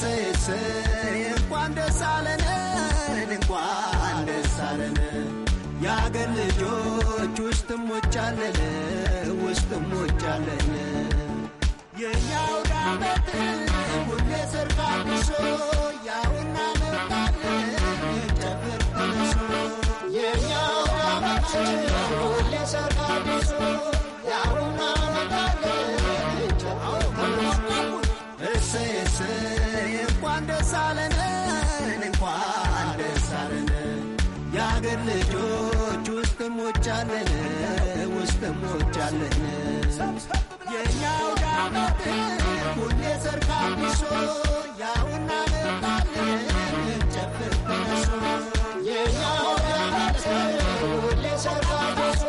Speaker 4: Say, say. ሴትዮች ውስጥም ውስጥም
Speaker 9: ያውና መጣለን ጨፍር ተነሶ ሁሌ ያውና መጣለን ጨፍር ተነሶ
Speaker 4: እሰይ እሰይ እንኳን ደስ አለን እንኳን ደስ አለን የአገር ልጆች ሞቻለን ውስጥ ሞቻለን የኛው ዳመት ሁሌ ሰርካ ቢሶ ያውና መጣለን ጨፍር ተነሶ
Speaker 9: የኛው ዳመት ሁሌ ሰርካ ቢሶ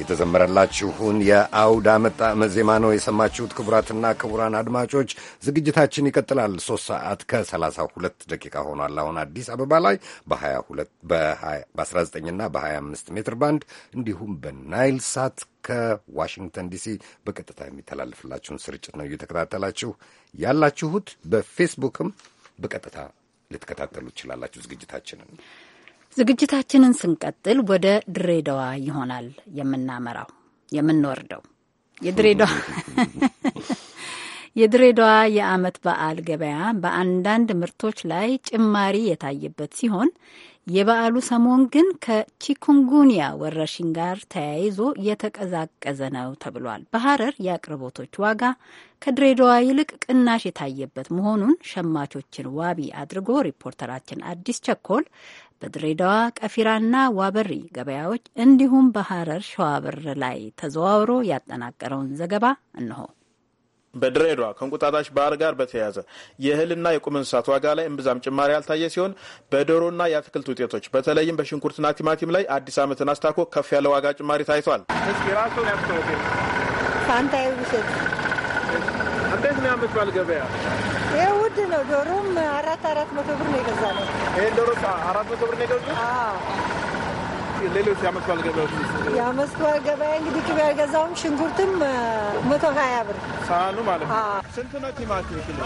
Speaker 1: የተዘመረላችሁን የአውድ ዓመት መዜማ ዜማ ነው የሰማችሁት። ክቡራትና ክቡራን አድማጮች ዝግጅታችን ይቀጥላል። ሶስት ሰዓት ከ32 ደቂቃ ሆኗል። አሁን አዲስ አበባ ላይ በ19ና በ25 ሜትር ባንድ እንዲሁም በናይል ሳት ከዋሽንግተን ዲሲ በቀጥታ የሚተላለፍላችሁን ስርጭት ነው እየተከታተላችሁ ያላችሁት። በፌስቡክም በቀጥታ ልትከታተሉ ትችላላችሁ ዝግጅታችንን
Speaker 2: ዝግጅታችንን ስንቀጥል ወደ ድሬዳዋ ይሆናል የምናመራው የምንወርደው። የድሬዳዋ የድሬዳዋ የአመት በዓል ገበያ በአንዳንድ ምርቶች ላይ ጭማሪ የታየበት ሲሆን የበዓሉ ሰሞን ግን ከቺኩንጉኒያ ወረርሽኝ ጋር ተያይዞ የተቀዛቀዘ ነው ተብሏል። በሐረር የአቅርቦቶች ዋጋ ከድሬዳዋ ይልቅ ቅናሽ የታየበት መሆኑን ሸማቾችን ዋቢ አድርጎ ሪፖርተራችን አዲስ ቸኮል በድሬዳዋ ቀፊራና ዋበሪ ገበያዎች እንዲሁም በሐረር ሸዋብር ላይ ተዘዋውሮ ያጠናቀረውን ዘገባ
Speaker 6: እንሆ። በድሬዳዋ ከእንቁጣጣሽ በዓል ጋር በተያያዘ የእህልና የቁም እንስሳት ዋጋ ላይ እምብዛም ጭማሪ ያልታየ ሲሆን በዶሮና የአትክልት ውጤቶች በተለይም በሽንኩርትና ቲማቲም ላይ አዲስ ዓመትን አስታኮ ከፍ ያለ ዋጋ ጭማሪ ታይቷል።
Speaker 10: ፋንታ ይውሰድ ገበያ ነው። ዶሮም አራት አራት መቶ ብር ነው የገዛ ነው።
Speaker 6: ይህን ዶሮ አራት መቶ ብር ነው የገዛ ሌሎች የአመስኳል ገበያዎች
Speaker 10: የአመስኳል ገበያ እንግዲህ ቅቤ አልገዛውም። ሽንኩርትም መቶ ሀያ ብር ሳህኑ ማለት ነው። ስንት
Speaker 6: ነው ቲማቲም?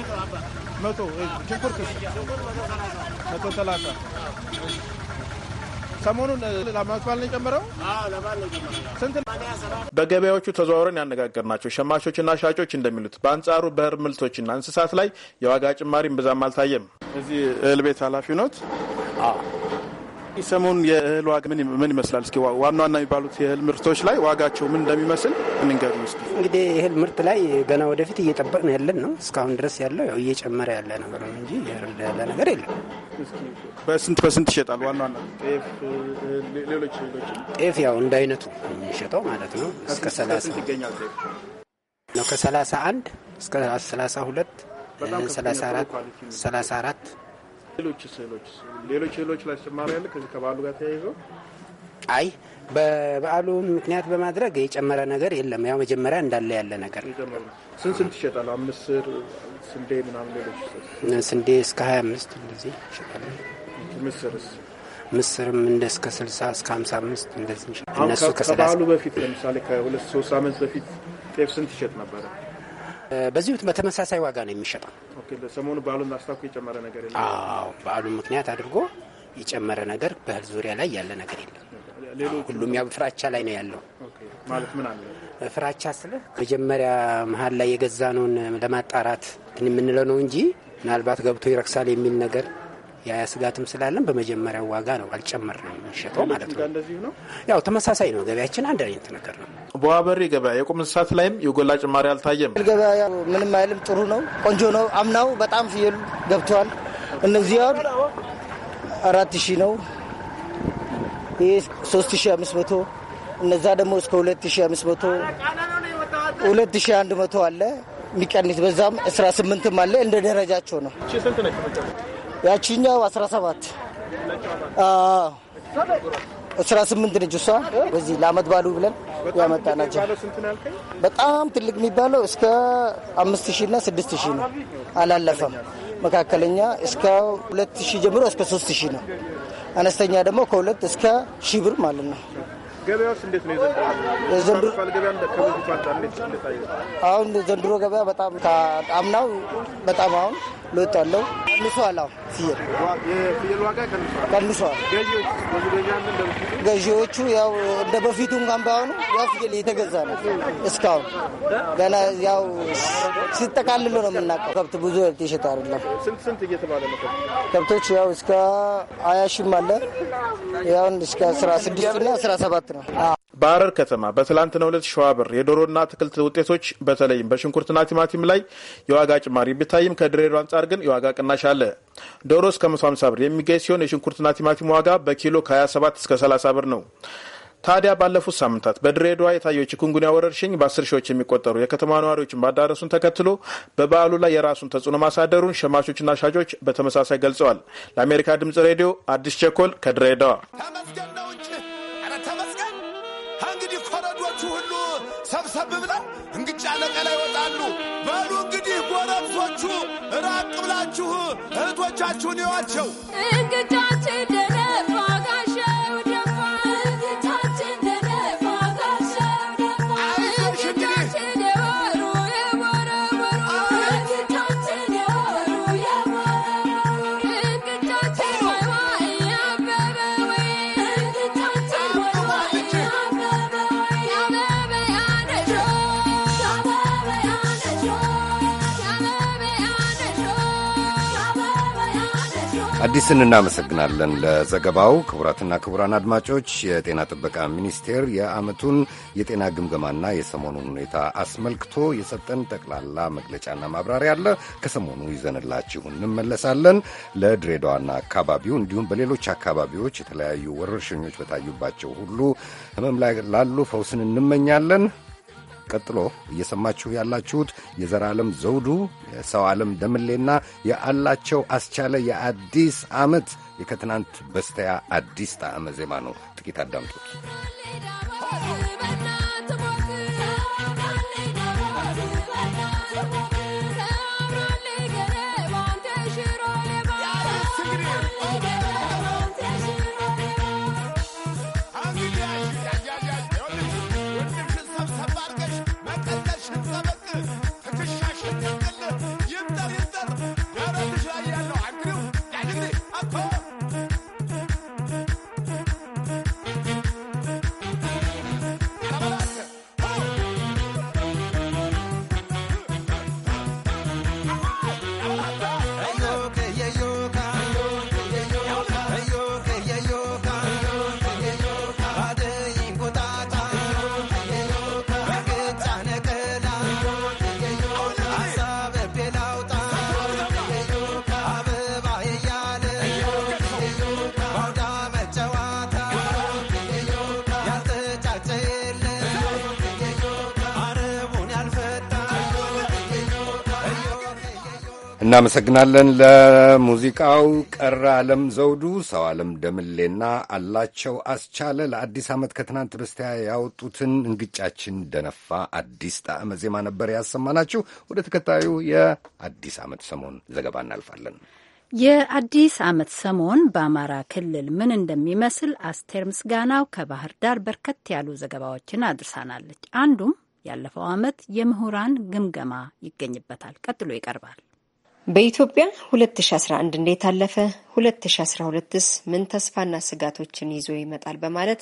Speaker 6: መቶ ሽንኩርት መቶ ሰላሳ ሰሞኑን ለአመት በዓል ነው የጨመረው። ስንት በገበያዎቹ ተዘዋውረን ያነጋገርናቸው ሸማቾችና ሻጮች እንደሚሉት በአንጻሩ በእህል ምርቶችና እንስሳት ላይ የዋጋ ጭማሪ ብዛም አልታየም። እዚህ እህል ቤት ኃላፊ ኖት ሰሞኑን የእህል ዋጋ ምን ይመስላል? እስኪ ዋና ዋና የሚባሉት የእህል ምርቶች ላይ ዋጋቸው ምን እንደሚመስል እንንገሩ። እስኪ
Speaker 11: እንግዲህ እህል ምርት ላይ ገና ወደፊት እየጠበቅን ያለን ነው። እስካሁን ድረስ ያለው ያው እየጨመረ ያለ ነገር ነው እንጂ እየረዳ ያለ ነገር የለም።
Speaker 6: በስንት በስንት ይሸጣል? ዋና
Speaker 11: ዋና ሌሎች ጤፍ ያው እንደ አይነቱ የሚሸጠው ማለት ነው እስከ ሰላሳ
Speaker 6: ነው
Speaker 11: ከሰላሳ አንድ እስከ ሰላሳ ሁለት
Speaker 6: ሰላሳ አራት ሰላሳ አራት ሌሎች ስዕሎች ሌሎች ስዕሎች ላይ ተጨማሪ ያለ ከዚህ ከበዓሉ ጋር ተያይዘው
Speaker 11: አይ በበዓሉ ምክንያት በማድረግ የጨመረ ነገር የለም። ያው መጀመሪያ እንዳለ ያለ ነገር ስንት ስንት ይሸጣል? አምስት
Speaker 6: ስንዴ ምናምን ሌሎች
Speaker 11: ስንዴ እስከ ሀያ አምስት እንደዚህ ይሸጣል። ምስርስ ምስርም እንደ እስከ ስልሳ እስከ ሀምሳ አምስት እንደዚህ ይሸጣል። እነሱ ከበዓሉ
Speaker 6: በፊት ለምሳሌ ከሁለት
Speaker 11: ሶስት አመት በፊት ጤፍ ስንት ይሸጥ ነበረ? በዚህ በተመሳሳይ ዋጋ ነው የሚሸጠው።
Speaker 6: ሰሞኑ በዓሉን የጨመረ ነገር የለም።
Speaker 11: በዓሉን ምክንያት አድርጎ የጨመረ ነገር በእህል ዙሪያ ላይ ያለ ነገር የለም። ሁሉም ያው ፍራቻ ላይ ነው ያለው። ፍራቻ ስለ መጀመሪያ መሀል ላይ የገዛ ነውን ለማጣራት የምንለው ነው እንጂ ምናልባት ገብቶ ይረክሳል የሚል ነገር ያ ስጋትም ስላለን በመጀመሪያው ዋጋ ነው አልጨመር ነው የምንሸጠው ማለት ነው። ያው ተመሳሳይ ነው ገበያችን አንድ አይነት ነገር
Speaker 6: ነው። በዋበሪ ገበያ የቁም እንስሳት ላይም የጎላ ጭማሪ አልታየም። ገበያ
Speaker 11: ምንም አይልም፣ ጥሩ ነው፣ ቆንጆ ነው።
Speaker 12: አምናው በጣም ፍየሉ ገብተዋል። እነዚህ አሁን አራት ሺህ ነው፣ ይህ ሶስት ሺህ አምስት መቶ እነዛ ደግሞ እስከ ሁለት ሺህ አምስት መቶ ሁለት ሺህ አንድ መቶ አለ የሚቀንስ በዛም አስራ ስምንትም አለ እንደ ደረጃቸው ነው። ያችኛው አስራ ሰባት አስራ ስምንት ነች እሷ። በዚህ ለአመት ባሉ ብለን ያመጣ ናቸው። በጣም ትልቅ የሚባለው እስከ አምስት ሺህ እና ስድስት ሺህ ነው፣ አላለፈም። መካከለኛ እስከ ሁለት ሺህ ጀምሮ እስከ ሶስት ሺህ ነው። አነስተኛ ደግሞ ከሁለት እስከ ሺህ ብር ማለት ነው።
Speaker 6: ገበያውስ እንዴት ነው? የዘንድሮ
Speaker 12: አሁን ዘንድሮ ገበያ በጣም ከአምናው በጣም አሁን ለውጥ አለው። ቀንሷል። ፍየል ቀንሷል። ገዢዎቹ ያው እንደ በፊቱ እንኳን ባይሆኑ ያው ፍየል እየተገዛ ነው። እስካሁን ገና ያው ሲጠቃልሉ ነው የምናውቀው። ከብት ብዙ ወልት ይሸጥ አይደለም። ከብቶች ያው እስከ ሀያ ሺህም አለ ያሁን እስከ አስራ ስድስት እና አስራ ሰባት ነው።
Speaker 6: በሐረር ከተማ በትላንትናው ዕለት ሸዋ ብር የዶሮና አትክልት ውጤቶች በተለይም በሽንኩርትና ቲማቲም ላይ የዋጋ ጭማሪ ቢታይም ከድሬዳዋ አንጻር ግን የዋጋ ቅናሽ አለ። ዶሮ እስከ 150 ብር የሚገኝ ሲሆን የሽንኩርትና ቲማቲም ዋጋ በኪሎ ከ27 እስከ 30 ብር ነው። ታዲያ ባለፉት ሳምንታት በድሬዳዋ የታየው ቺኩንጉንያ ወረርሽኝ በአስር ሺዎች የሚቆጠሩ የከተማ ነዋሪዎችን ማዳረሱን ተከትሎ በበዓሉ ላይ የራሱን ተጽዕኖ ማሳደሩን ሸማቾችና ሻጮች በተመሳሳይ ገልጸዋል። ለአሜሪካ ድምጽ ሬዲዮ አዲስ ቸኮል ከድሬዳዋ
Speaker 11: መቀሌ ይወጣሉ። በሉ እንግዲህ ጎረምሶቹ
Speaker 9: ራቅ ብላችሁ እህቶቻችሁን ይዋቸው እንግጫችን ደረብ
Speaker 1: አዲስን እናመሰግናለን ለዘገባው። ክቡራትና ክቡራን አድማጮች የጤና ጥበቃ ሚኒስቴር የዓመቱን የጤና ግምገማና የሰሞኑን ሁኔታ አስመልክቶ የሰጠን ጠቅላላ መግለጫና ማብራሪያ አለ። ከሰሞኑ ይዘንላችሁ እንመለሳለን። ለድሬዳዋና አካባቢው እንዲሁም በሌሎች አካባቢዎች የተለያዩ ወረርሽኞች በታዩባቸው ሁሉ ሕመም ላይ ላሉ ፈውስን እንመኛለን። ቀጥሎ እየሰማችሁ ያላችሁት የዘራለም ዘውዱ፣ የሰው ዓለም ደምሌና የአላቸው አስቻለ የአዲስ ዓመት የከትናንት በስተያ አዲስ ጣዕመ ዜማ ነው። ጥቂት አዳምጡት። እናመሰግናለን። ለሙዚቃው ቀረ ዓለም ዘውዱ፣ ሰው ዓለም ደምሌና አላቸው አስቻለ ለአዲስ ዓመት ከትናንት በስቲያ ያወጡትን እንግጫችን ደነፋ አዲስ ጣዕመ ዜማ ነበር ያሰማናችሁ። ወደ ተከታዩ የአዲስ ዓመት ሰሞን ዘገባ እናልፋለን።
Speaker 2: የአዲስ ዓመት ሰሞን በአማራ ክልል ምን እንደሚመስል አስቴር ምስጋናው ከባህር ዳር በርከት ያሉ ዘገባዎችን አድርሳናለች። አንዱም ያለፈው ዓመት የምሁራን ግምገማ ይገኝበታል። ቀጥሎ ይቀርባል።
Speaker 10: በኢትዮጵያ 2011 እንዴት አለፈ? 2012ስ ምን ተስፋና ስጋቶችን ይዞ ይመጣል? በማለት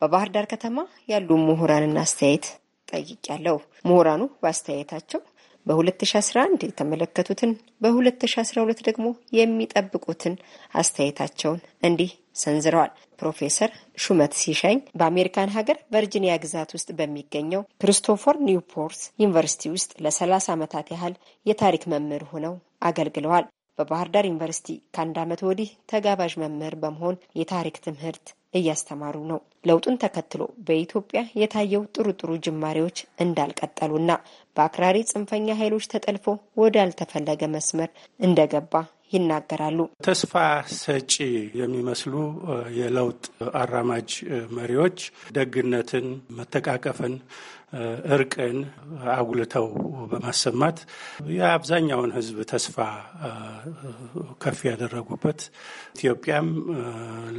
Speaker 10: በባህር ዳር ከተማ ያሉ ምሁራንን አስተያየት ጠይቄያለሁ። ምሁራኑ በአስተያየታቸው በ2011 የተመለከቱትን በ2012 ደግሞ የሚጠብቁትን አስተያየታቸውን እንዲህ ሰንዝረዋል። ፕሮፌሰር ሹመት ሲሸኝ በአሜሪካን ሀገር ቨርጂኒያ ግዛት ውስጥ በሚገኘው ክሪስቶፈር ኒውፖርት ዩኒቨርሲቲ ውስጥ ለሰላሳ ዓመታት ያህል የታሪክ መምህር ሆነው አገልግለዋል። በባህር ዳር ዩኒቨርሲቲ ከአንድ ዓመት ወዲህ ተጋባዥ መምህር በመሆን የታሪክ ትምህርት እያስተማሩ ነው። ለውጡን ተከትሎ በኢትዮጵያ የታየው ጥሩ ጥሩ ጅማሬዎች እንዳልቀጠሉና በአክራሪ ጽንፈኛ ኃይሎች ተጠልፎ ወዳልተፈለገ መስመር እንደገባ ይናገራሉ።
Speaker 13: ተስፋ ሰጪ የሚመስሉ የለውጥ አራማጅ መሪዎች ደግነትን፣ መተቃቀፍን፣ እርቅን አጉልተው በማሰማት የአብዛኛውን ሕዝብ ተስፋ ከፍ ያደረጉበት ኢትዮጵያም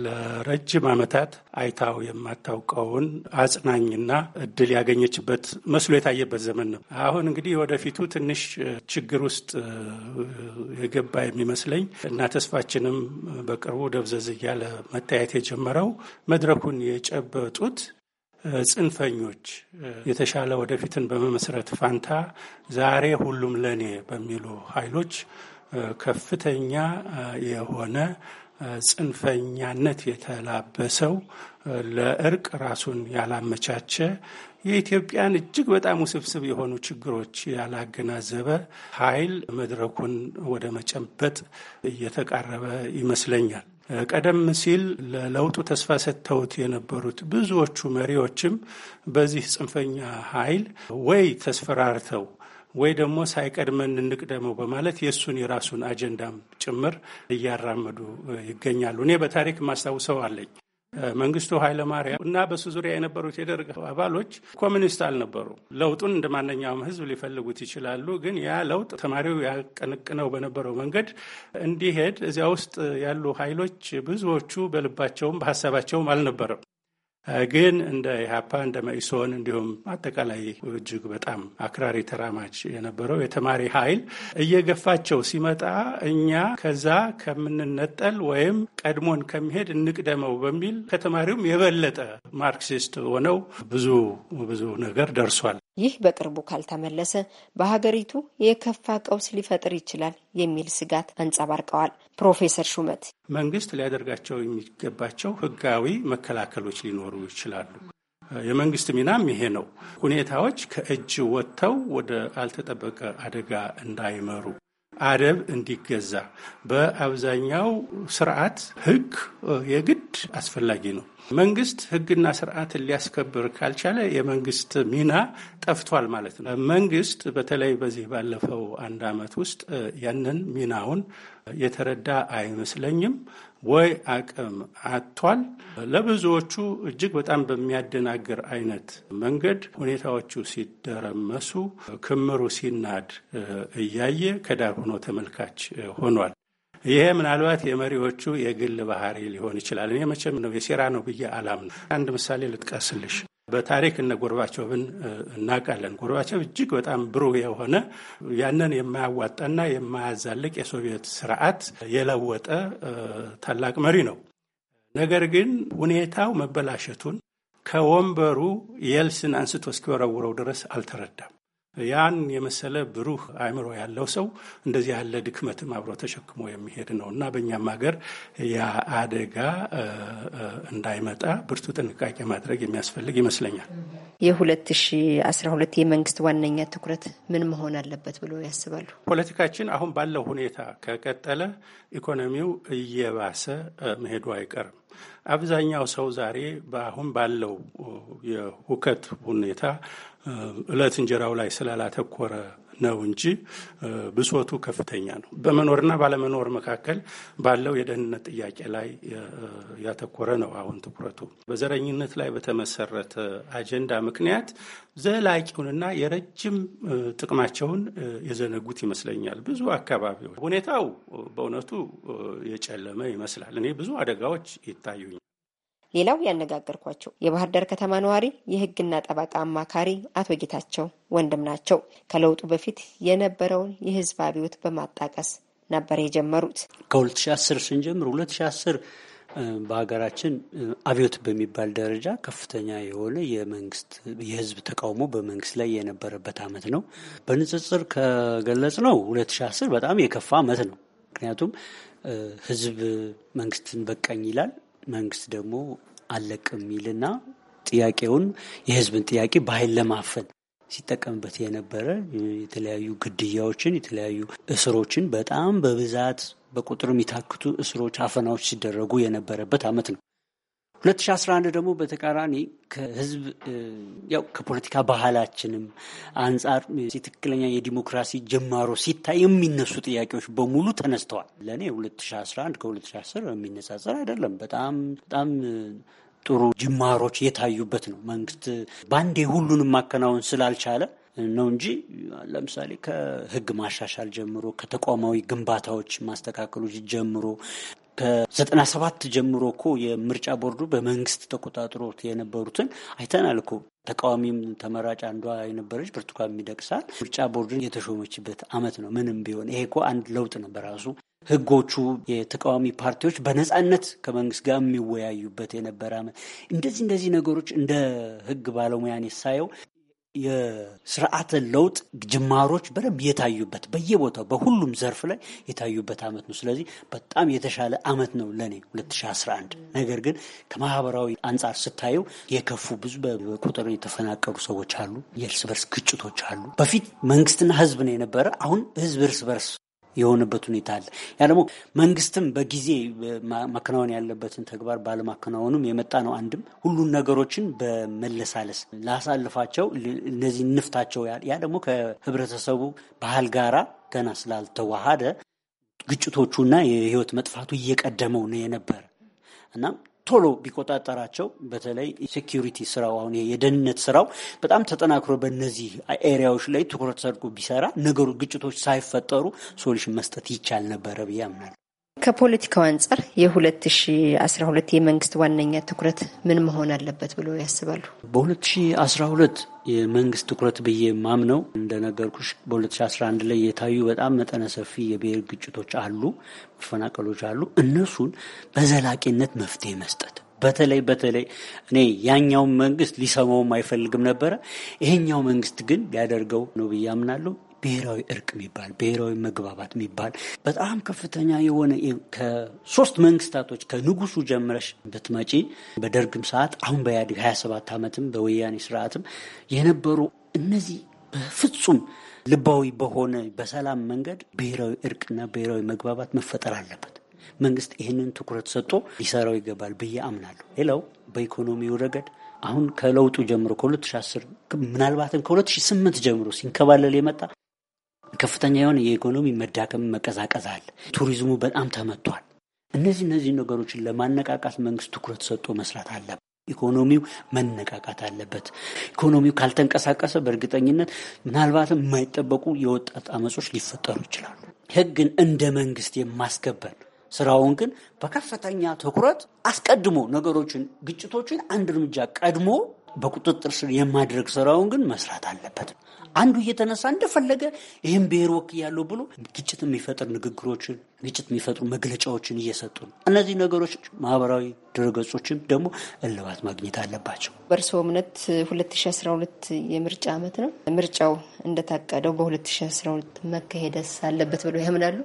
Speaker 13: ለረጅም ዓመታት አይታው የማታውቀውን አጽናኝና እድል ያገኘችበት መስሎ የታየበት ዘመን ነው። አሁን እንግዲህ ወደፊቱ ትንሽ ችግር ውስጥ የገባ የሚመስለኝ እና ተስፋችንም በቅርቡ ደብዘዝ እያለ መታየት የጀመረው መድረኩን የጨበጡት ጽንፈኞች የተሻለ ወደፊትን በመመስረት ፋንታ ዛሬ ሁሉም ለእኔ በሚሉ ኃይሎች ከፍተኛ የሆነ ጽንፈኛነት የተላበሰው ለእርቅ ራሱን ያላመቻቸ የኢትዮጵያን እጅግ በጣም ውስብስብ የሆኑ ችግሮች ያላገናዘበ ኃይል መድረኩን ወደ መጨበጥ እየተቃረበ ይመስለኛል። ቀደም ሲል ለለውጡ ተስፋ ሰጥተውት የነበሩት ብዙዎቹ መሪዎችም በዚህ ጽንፈኛ ኃይል ወይ ተስፈራርተው ወይ ደግሞ ሳይቀድመን እንቅደመው በማለት የእሱን የራሱን አጀንዳም ጭምር እያራመዱ ይገኛሉ። እኔ በታሪክ ማስታውሰው አለኝ። መንግስቱ ኃይለማርያም እና በሱ ዙሪያ የነበሩት የደርግ አባሎች ኮሚኒስት አልነበሩ። ለውጡን እንደ ማንኛውም ህዝብ ሊፈልጉት ይችላሉ። ግን ያ ለውጥ ተማሪው ያቀነቅነው በነበረው መንገድ እንዲሄድ እዚያ ውስጥ ያሉ ኃይሎች ብዙዎቹ በልባቸውም በሀሳባቸውም አልነበረም። ግን እንደ ኢህአፓ እንደ መኢሶን እንዲሁም አጠቃላይ እጅግ በጣም አክራሪ ተራማጅ የነበረው የተማሪ ኃይል እየገፋቸው ሲመጣ እኛ ከዛ ከምንነጠል ወይም ቀድሞን ከሚሄድ እንቅደመው በሚል ከተማሪውም የበለጠ ማርክሲስት ሆነው ብዙ ብዙ ነገር ደርሷል።
Speaker 10: ይህ በቅርቡ ካልተመለሰ በሀገሪቱ የከፋ ቀውስ ሊፈጥር ይችላል የሚል ስጋት አንጸባርቀዋል። ፕሮፌሰር ሹመት
Speaker 13: መንግስት ሊያደርጋቸው የሚገባቸው ህጋዊ መከላከሎች ሊኖሩ ይችላሉ። የመንግስት ሚናም ይሄ ነው። ሁኔታዎች ከእጅ ወጥተው ወደ አልተጠበቀ አደጋ እንዳይመሩ አደብ እንዲገዛ በአብዛኛው ስርዓት ህግ የግድ አስፈላጊ ነው። መንግስት ህግና ስርዓትን ሊያስከብር ካልቻለ የመንግስት ሚና ጠፍቷል ማለት ነው። መንግስት በተለይ በዚህ ባለፈው አንድ አመት ውስጥ ያንን ሚናውን የተረዳ አይመስለኝም። ወይ አቅም አጥቷል። ለብዙዎቹ እጅግ በጣም በሚያደናግር አይነት መንገድ ሁኔታዎቹ ሲደረመሱ፣ ክምሩ ሲናድ እያየ ከዳር ሆኖ ተመልካች ሆኗል። ይሄ ምናልባት የመሪዎቹ የግል ባህሪ ሊሆን ይችላል። እኔ መቼም ነው የሴራ ነው ብዬ አላም ነው። አንድ ምሳሌ ልጥቀስልሽ። በታሪክ እነ ጎርባቾቭን እናውቃለን። ጎርባቸው እጅግ በጣም ብሩህ የሆነ ያንን የማያዋጣና የማያዛልቅ የሶቪየት ስርዓት የለወጠ ታላቅ መሪ ነው። ነገር ግን ሁኔታው መበላሸቱን ከወንበሩ የልስን አንስቶ እስኪወረውረው ድረስ አልተረዳም። ያን የመሰለ ብሩህ አእምሮ ያለው ሰው እንደዚህ ያለ ድክመትም አብሮ ተሸክሞ የሚሄድ ነው እና በእኛም ሀገር ያ አደጋ እንዳይመጣ ብርቱ ጥንቃቄ ማድረግ የሚያስፈልግ ይመስለኛል።
Speaker 10: የ2012 የመንግስት ዋነኛ ትኩረት ምን መሆን አለበት ብሎ ያስባሉ?
Speaker 13: ፖለቲካችን አሁን ባለው ሁኔታ ከቀጠለ ኢኮኖሚው እየባሰ መሄዱ አይቀርም። አብዛኛው ሰው ዛሬ በአሁን ባለው የሁከት ሁኔታ እለት እንጀራው ላይ ስላላተኮረ ነው እንጂ ብሶቱ ከፍተኛ ነው። በመኖርና ባለመኖር መካከል ባለው የደህንነት ጥያቄ ላይ ያተኮረ ነው። አሁን ትኩረቱ በዘረኝነት ላይ በተመሰረተ አጀንዳ ምክንያት ዘላቂውንና የረጅም ጥቅማቸውን የዘነጉት ይመስለኛል። ብዙ አካባቢዎች ሁኔታው በእውነቱ የጨለመ ይመስላል። እኔ ብዙ አደጋዎች ይታዩኝ
Speaker 10: ሌላው ያነጋገርኳቸው የባህር ዳር ከተማ ነዋሪ የህግና ጠበቃ አማካሪ አቶ ጌታቸው ወንድም ናቸው። ከለውጡ በፊት የነበረውን የህዝብ አብዮት በማጣቀስ ነበር የጀመሩት።
Speaker 14: ከ2010 ስንጀምር 2010 በሀገራችን አብዮት በሚባል ደረጃ ከፍተኛ የሆነ የመንግስት የህዝብ ተቃውሞ በመንግስት ላይ የነበረበት አመት ነው። በንጽጽር ከገለጽ ነው 2010 በጣም የከፋ አመት ነው። ምክንያቱም ህዝብ መንግስትን በቀኝ ይላል። መንግስት ደግሞ አለቅም የሚልና ጥያቄውን የህዝብን ጥያቄ በኃይል ለማፈን ሲጠቀምበት የነበረ የተለያዩ ግድያዎችን፣ የተለያዩ እስሮችን በጣም በብዛት በቁጥር የሚታክቱ እስሮች፣ አፈናዎች ሲደረጉ የነበረበት አመት ነው። 2011 ደግሞ በተቃራኒ ከህዝብ ያው ከፖለቲካ ባህላችንም አንጻር ትክክለኛ የዲሞክራሲ ጀማሮ ሲታይ የሚነሱ ጥያቄዎች በሙሉ ተነስተዋል። ለእኔ 2011 ከ2010 የሚነጻጸር አይደለም። በጣም በጣም ጥሩ ጅማሮች የታዩበት ነው። መንግስት በአንዴ ሁሉንም ማከናወን ስላልቻለ ነው እንጂ ለምሳሌ ከህግ ማሻሻል ጀምሮ ከተቋማዊ ግንባታዎች ማስተካከሎች ጀምሮ ከዘጠና ሰባት ጀምሮ እኮ የምርጫ ቦርዱ በመንግስት ተቆጣጥሮት የነበሩትን አይተናል እኮ ተቃዋሚም ተመራጭ አንዷ የነበረች ብርቱካን የሚደቅሳል ምርጫ ቦርድን የተሾመችበት አመት ነው። ምንም ቢሆን ይሄ እኮ አንድ ለውጥ ነው በራሱ። ህጎቹ የተቃዋሚ ፓርቲዎች በነጻነት ከመንግስት ጋር የሚወያዩበት የነበረ አመት። እንደዚህ እንደዚህ ነገሮች እንደ ህግ ባለሙያን ሳየው የስርዓተ ለውጥ ጅማሮች በደንብ የታዩበት በየቦታው በሁሉም ዘርፍ ላይ የታዩበት አመት ነው። ስለዚህ በጣም የተሻለ አመት ነው ለእኔ 2011። ነገር ግን ከማህበራዊ አንጻር ስታየው የከፉ ብዙ በቁጥር የተፈናቀሉ ሰዎች አሉ። የእርስ በርስ ግጭቶች አሉ። በፊት መንግስትና ህዝብ ነው የነበረ። አሁን ህዝብ እርስ በርስ የሆነበት ሁኔታ አለ። ያ ደግሞ መንግስትም በጊዜ ማከናወን ያለበትን ተግባር ባለማከናወኑም የመጣ ነው። አንድም ሁሉን ነገሮችን በመለሳለስ ላሳልፋቸው እነዚህ እንፍታቸው። ያ ደግሞ ከህብረተሰቡ ባህል ጋራ ገና ስላልተዋሃደ ግጭቶቹና የህይወት መጥፋቱ እየቀደመው ነው የነበረ እና ቶሎ ቢቆጣጠራቸው በተለይ ሴኪሪቲ ስራው አሁን የደህንነት ስራው በጣም ተጠናክሮ በእነዚህ ኤሪያዎች ላይ ትኩረት ሰርጎ ቢሰራ ነገሩ ግጭቶች ሳይፈጠሩ ሶሉሽን መስጠት ይቻል
Speaker 10: ነበረ ብዬ አምናለሁ። ከፖለቲካው አንጻር የ2012 የመንግስት ዋነኛ ትኩረት ምን መሆን አለበት ብሎ ያስባሉ?
Speaker 14: በ2012 የመንግስት ትኩረት ብዬ ማምነው እንደነገርኩሽ በ2011 ላይ የታዩ በጣም መጠነ ሰፊ የብሔር ግጭቶች አሉ፣ መፈናቀሎች አሉ። እነሱን በዘላቂነት መፍትሄ መስጠት በተለይ በተለይ እኔ ያኛውን መንግስት ሊሰማውም አይፈልግም ነበረ። ይሄኛው መንግስት ግን ሊያደርገው ነው ብዬ አምናለሁ። ብሔራዊ እርቅ የሚባል ብሔራዊ መግባባት የሚባል በጣም ከፍተኛ የሆነ ከሶስት መንግስታቶች ከንጉሱ ጀምረሽ ብትመጪ በደርግም ሰዓት አሁን በኢህአዴግ 27 ዓመትም በወያኔ ስርዓትም የነበሩ እነዚህ በፍጹም ልባዊ በሆነ በሰላም መንገድ ብሔራዊ እርቅና ብሔራዊ መግባባት መፈጠር አለበት። መንግስት ይህንን ትኩረት ሰጥቶ ሊሰራው ይገባል ብዬ አምናለሁ። ሌላው በኢኮኖሚው ረገድ አሁን ከለውጡ ጀምሮ ከ2010 ምናልባትም ከ2008 ጀምሮ ሲንከባለል የመጣ ከፍተኛ የሆነ የኢኮኖሚ መዳከም መቀዛቀዝ አለ። ቱሪዝሙ በጣም ተመቷል። እነዚህ እነዚህ ነገሮችን ለማነቃቃት መንግስት ትኩረት ሰጥቶ መስራት አለበት። ኢኮኖሚው መነቃቃት አለበት። ኢኮኖሚው ካልተንቀሳቀሰ በእርግጠኝነት ምናልባትም የማይጠበቁ የወጣት አመጾች ሊፈጠሩ ይችላሉ። ህግን እንደ መንግስት የማስከበር ስራውን ግን በከፍተኛ ትኩረት አስቀድሞ ነገሮችን፣ ግጭቶችን አንድ እርምጃ ቀድሞ በቁጥጥር ስር የማድረግ ስራውን ግን መስራት አለበት። አንዱ እየተነሳ እንደፈለገ ይህም ብሔር ወክ ያለው ብሎ ግጭት የሚፈጥር ንግግሮችን፣ ግጭት የሚፈጥሩ መግለጫዎችን እየሰጡ ነው። እነዚህ ነገሮች ማህበራዊ ድረገጾችም
Speaker 10: ደግሞ እልባት
Speaker 14: ማግኘት አለባቸው።
Speaker 10: በእርስዎ እምነት 2012 የምርጫ ዓመት ነው። ምርጫው እንደታቀደው በ2012 መካሄደስ አለበት ብለው ያምናሉ?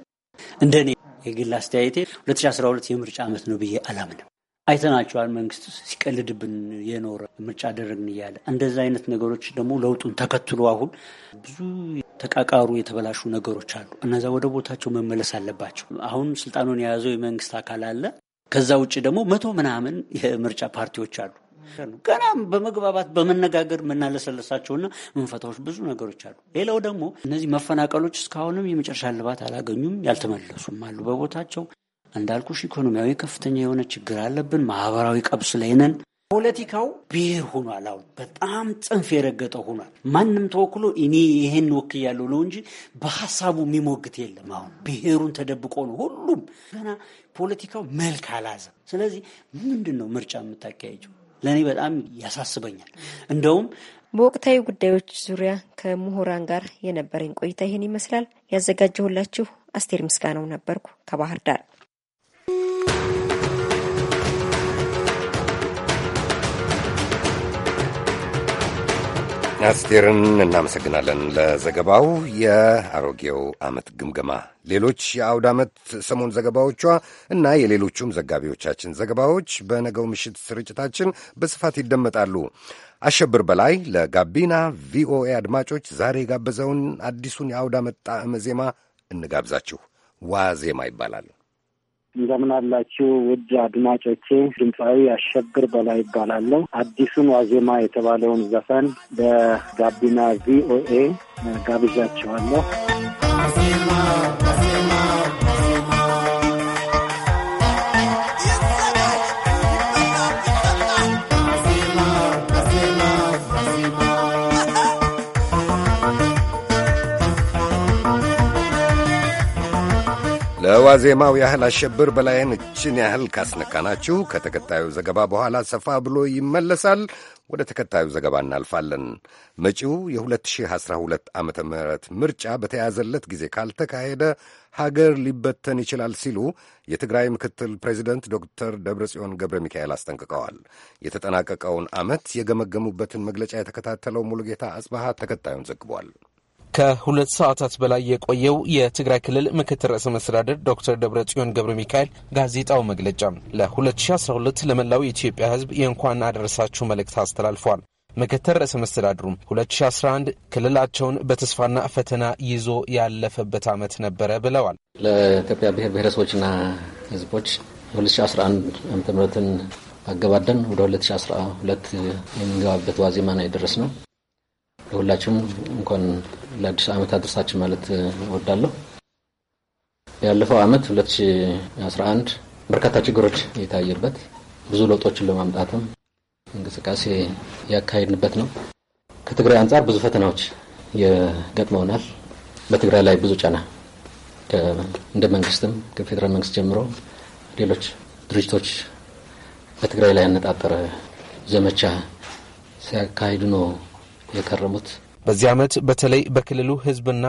Speaker 14: እንደኔ የግል አስተያየቴ 2012 የምርጫ ዓመት ነው ብዬ አላምንም። አይተናቸዋል። መንግስት ሲቀልድብን የኖረ ምርጫ አደረግን እያለ እንደዚ አይነት ነገሮች ደግሞ ለውጡን ተከትሎ አሁን ብዙ ተቃቃሩ የተበላሹ ነገሮች አሉ። እነዛ ወደ ቦታቸው መመለስ አለባቸው። አሁን ስልጣኑን የያዘው የመንግስት አካል አለ። ከዛ ውጭ ደግሞ መቶ ምናምን የምርጫ ፓርቲዎች አሉ። ገና በመግባባት በመነጋገር የምናለሰለሳቸውና ምንፈታዎች ብዙ ነገሮች አሉ። ሌላው ደግሞ እነዚህ መፈናቀሎች እስካሁንም የመጨረሻ ልባት አላገኙም፣ ያልተመለሱም አሉ በቦታቸው እንዳልኩሽ ኢኮኖሚያዊ ከፍተኛ የሆነ ችግር አለብን። ማህበራዊ ቀብስ ላይ ነን። ፖለቲካው ብሔር ሆኗል። አሁን በጣም ጽንፍ የረገጠ ሆኗል። ማንም ተወክሎ እኔ ይሄን ወክያለሁ ነው እንጂ በሀሳቡ የሚሞግት የለም። አሁን ብሔሩን ተደብቆ ነው ሁሉም ገና ፖለቲካው መልክ አላዘ። ስለዚህ ምንድን ነው ምርጫ የምታካሄጀው? ለእኔ በጣም ያሳስበኛል። እንደውም
Speaker 10: በወቅታዊ ጉዳዮች ዙሪያ ከምሁራን ጋር የነበረኝ ቆይታ ይህን ይመስላል። ያዘጋጀሁላችሁ አስቴር ምስጋናው ነበርኩ ከባህር ዳር።
Speaker 1: አስቴርን እናመሰግናለን ለዘገባው። የአሮጌው ዓመት ግምገማ፣ ሌሎች የአውድ ዓመት ሰሞን ዘገባዎቿ እና የሌሎቹም ዘጋቢዎቻችን ዘገባዎች በነገው ምሽት ስርጭታችን በስፋት ይደመጣሉ። አሸብር በላይ ለጋቢና ቪኦኤ አድማጮች ዛሬ የጋበዘውን አዲሱን የአውድ ዓመት ጣዕመ ዜማ እንጋብዛችሁ። ዋዜማ ይባላል። እንደምን አላችሁ ውድ አድማጮቼ። ድምፃዊ አሸብር
Speaker 11: በላይ ይባላለሁ። አዲሱን ዋዜማ የተባለውን ዘፈን በጋቢና ቪኦኤ ጋብዣችኋለሁ።
Speaker 1: ለዋዜማው ያህል አሸብር በላይን እችን ያህል ካስነካናችሁ ከተከታዩ ዘገባ በኋላ ሰፋ ብሎ ይመለሳል። ወደ ተከታዩ ዘገባ እናልፋለን። መጪው የ2012 ዓ ም ምርጫ በተያዘለት ጊዜ ካልተካሄደ ሀገር ሊበተን ይችላል ሲሉ የትግራይ ምክትል ፕሬዚደንት ዶክተር ደብረጽዮን ገብረ ሚካኤል አስጠንቅቀዋል። የተጠናቀቀውን ዓመት የገመገሙበትን መግለጫ የተከታተለው ሙሉጌታ አጽባሃ ተከታዩን ዘግቧል።
Speaker 15: ከሁለት ሰዓታት በላይ የቆየው የትግራይ ክልል ምክትል ርዕሰ መስተዳደር ዶክተር ደብረ ጽዮን ገብረ ሚካኤል ጋዜጣው መግለጫ ለ2012 ለመላው የኢትዮጵያ ሕዝብ የእንኳን አደረሳችሁ መልእክት አስተላልፏል። ምክትል ርዕሰ መስተዳድሩም 2011 ክልላቸውን በተስፋና ፈተና ይዞ ያለፈበት ዓመት ነበረ ብለዋል።
Speaker 16: ለኢትዮጵያ ብሔር ብሔረሰቦችና ህዝቦች 2011 ምትን አገባደን ወደ 2012 የምንገባበት ዋዜማ ነው የደረስ ነው። ለሁላችሁም እንኳን ለአዲስ ዓመት አድርሳችን ማለት እወዳለሁ። ያለፈው ዓመት 2011 በርካታ ችግሮች የታየበት ብዙ ለውጦችን ለማምጣትም እንቅስቃሴ ያካሄድንበት ነው። ከትግራይ አንጻር ብዙ ፈተናዎች የገጥመውናል። በትግራይ ላይ ብዙ ጫና እንደ መንግስትም ከፌዴራል መንግስት ጀምሮ ሌሎች ድርጅቶች በትግራይ ላይ ያነጣጠረ ዘመቻ ሲያካሂዱ ነው የከረሙት።
Speaker 15: በዚህ ዓመት በተለይ በክልሉ ህዝብና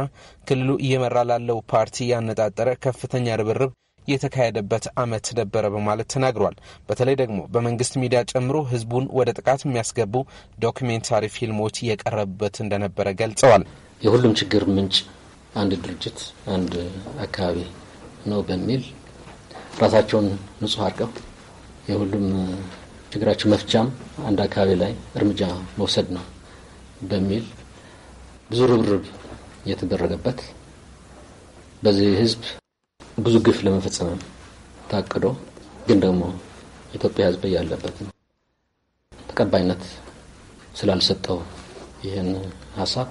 Speaker 15: ክልሉ እየመራ ላለው ፓርቲ ያነጣጠረ ከፍተኛ ርብርብ የተካሄደበት ዓመት ነበረ በማለት ተናግሯል። በተለይ ደግሞ በመንግስት ሚዲያ ጨምሮ ህዝቡን ወደ ጥቃት የሚያስገቡ ዶክሜንታሪ ፊልሞች የቀረቡበት እንደነበረ ገልጸዋል።
Speaker 16: የሁሉም ችግር ምንጭ አንድ ድርጅት አንድ አካባቢ ነው በሚል ራሳቸውን ንጹህ አድርገው የሁሉም ችግራቸው መፍቻም አንድ አካባቢ ላይ እርምጃ መውሰድ ነው በሚል ብዙ ርብርብ የተደረገበት በዚህ ህዝብ ብዙ ግፍ ለመፈጸም ታቅዶ ግን ደግሞ ኢትዮጵያ ህዝብ ያለበት ተቀባይነት ስላልሰጠው ይህን ሀሳብ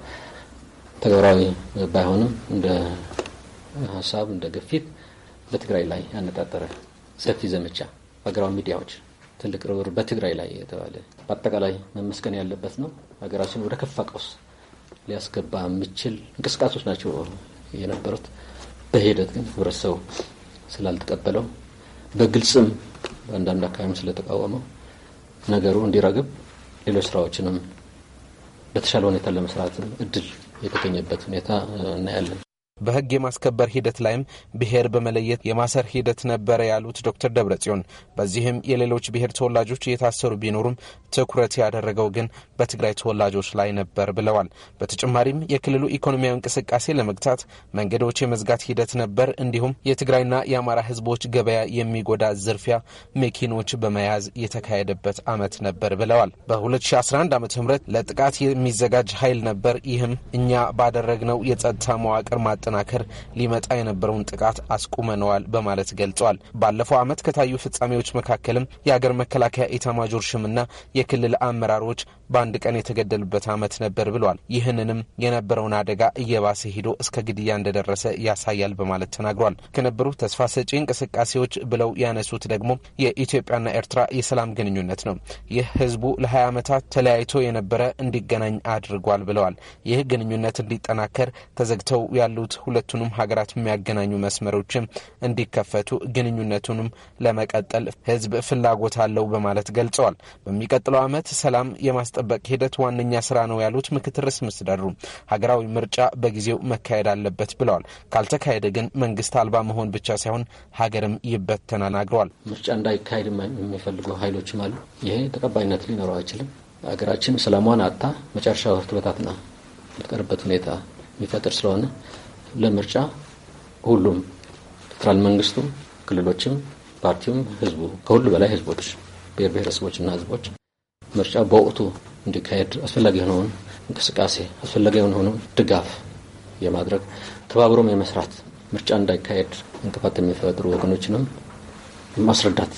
Speaker 16: ተግባራዊ ባይሆንም እንደ ሀሳብ እንደ ግፊት በትግራይ ላይ ያነጣጠረ ሰፊ ዘመቻ ሀገራዊ ሚዲያዎች ትልቅ ርብር በትግራይ ላይ የተባለ በአጠቃላይ መመስገን ያለበት ነው። ሀገራችን ወደ ከፋ ቀውስ ሊያስገባ የምችል እንቅስቃሴዎች ናቸው የነበሩት። በሂደት ግን ህብረተሰቡ ስላልተቀበለው በግልጽም በአንዳንድ አካባቢም ስለተቃወመው ነገሩ እንዲረግብ ሌሎች ስራዎችንም በተሻለ ሁኔታ ለመስራት እድል የተገኘበት ሁኔታ
Speaker 15: እናያለን። በህግ የማስከበር ሂደት ላይም ብሔር በመለየት የማሰር ሂደት ነበረ ያሉት ዶክተር ደብረጽዮን በዚህም የሌሎች ብሔር ተወላጆች እየታሰሩ ቢኖሩም ትኩረት ያደረገው ግን በትግራይ ተወላጆች ላይ ነበር ብለዋል። በተጨማሪም የክልሉ ኢኮኖሚያዊ እንቅስቃሴ ለመግታት መንገዶች የመዝጋት ሂደት ነበር። እንዲሁም የትግራይና የአማራ ህዝቦች ገበያ የሚጎዳ ዝርፊያ መኪኖች በመያዝ የተካሄደበት ዓመት ነበር ብለዋል። በ2011 ዓ ም ለጥቃት የሚዘጋጅ ኃይል ነበር። ይህም እኛ ባደረግነው የጸጥታ መዋቅር በማጠናከር ሊመጣ የነበረውን ጥቃት አስቁመነዋል በማለት ገልጸዋል። ባለፈው ዓመት ከታዩ ፍጻሜዎች መካከልም የአገር መከላከያ ኢታማጆር ሹምና የክልል አመራሮች በአንድ ቀን የተገደሉበት ዓመት ነበር ብለዋል። ይህንንም የነበረውን አደጋ እየባሰ ሄዶ እስከ ግድያ እንደደረሰ ያሳያል በማለት ተናግሯል። ከነበሩ ተስፋ ሰጪ እንቅስቃሴዎች ብለው ያነሱት ደግሞ የኢትዮጵያና ኤርትራ የሰላም ግንኙነት ነው። ይህ ህዝቡ ለ20 ዓመታት ተለያይቶ የነበረ እንዲገናኝ አድርጓል ብለዋል። ይህ ግንኙነት እንዲጠናከር ተዘግተው ያሉት ሁለቱንም ሀገራት የሚያገናኙ መስመሮችም እንዲከፈቱ ግንኙነቱንም ለመቀጠል ህዝብ ፍላጎት አለው በማለት ገልጸዋል። በሚቀጥለው ዓመት ሰላም የማስጠበቅ ሂደት ዋነኛ ስራ ነው ያሉት ምክትል ርዕሰ መስተዳድሩ ሀገራዊ ምርጫ በጊዜው መካሄድ አለበት ብለዋል። ካልተካሄደ ግን መንግስት አልባ መሆን ብቻ ሳይሆን ሀገርም ይበተናል
Speaker 16: ምርጫ እንዳይካሄድ የሚፈልጉ ሀይሎችም አሉ። ይሄ ተቀባይነት ሊኖረው አይችልም። ሀገራችን ሰላሟን አታ መጨረሻ ህርትበታትና የምትቀርበት ሁኔታ የሚፈጥር ስለሆነ ለምርጫ ሁሉም ፌዴራል መንግስቱም፣ ክልሎችም፣ ፓርቲውም፣ ህዝቡ ከሁሉ በላይ ህዝቦች፣ ብሔር ብሔረሰቦችና ህዝቦች ምርጫ በወቅቱ እንዲካሄድ አስፈላጊ የሆነውን እንቅስቃሴ አስፈላጊ የሆነውን ድጋፍ የማድረግ ተባብሮም የመስራት ምርጫ እንዳይካሄድ እንቅፋት የሚፈጥሩ ወገኖችንም የማስረዳት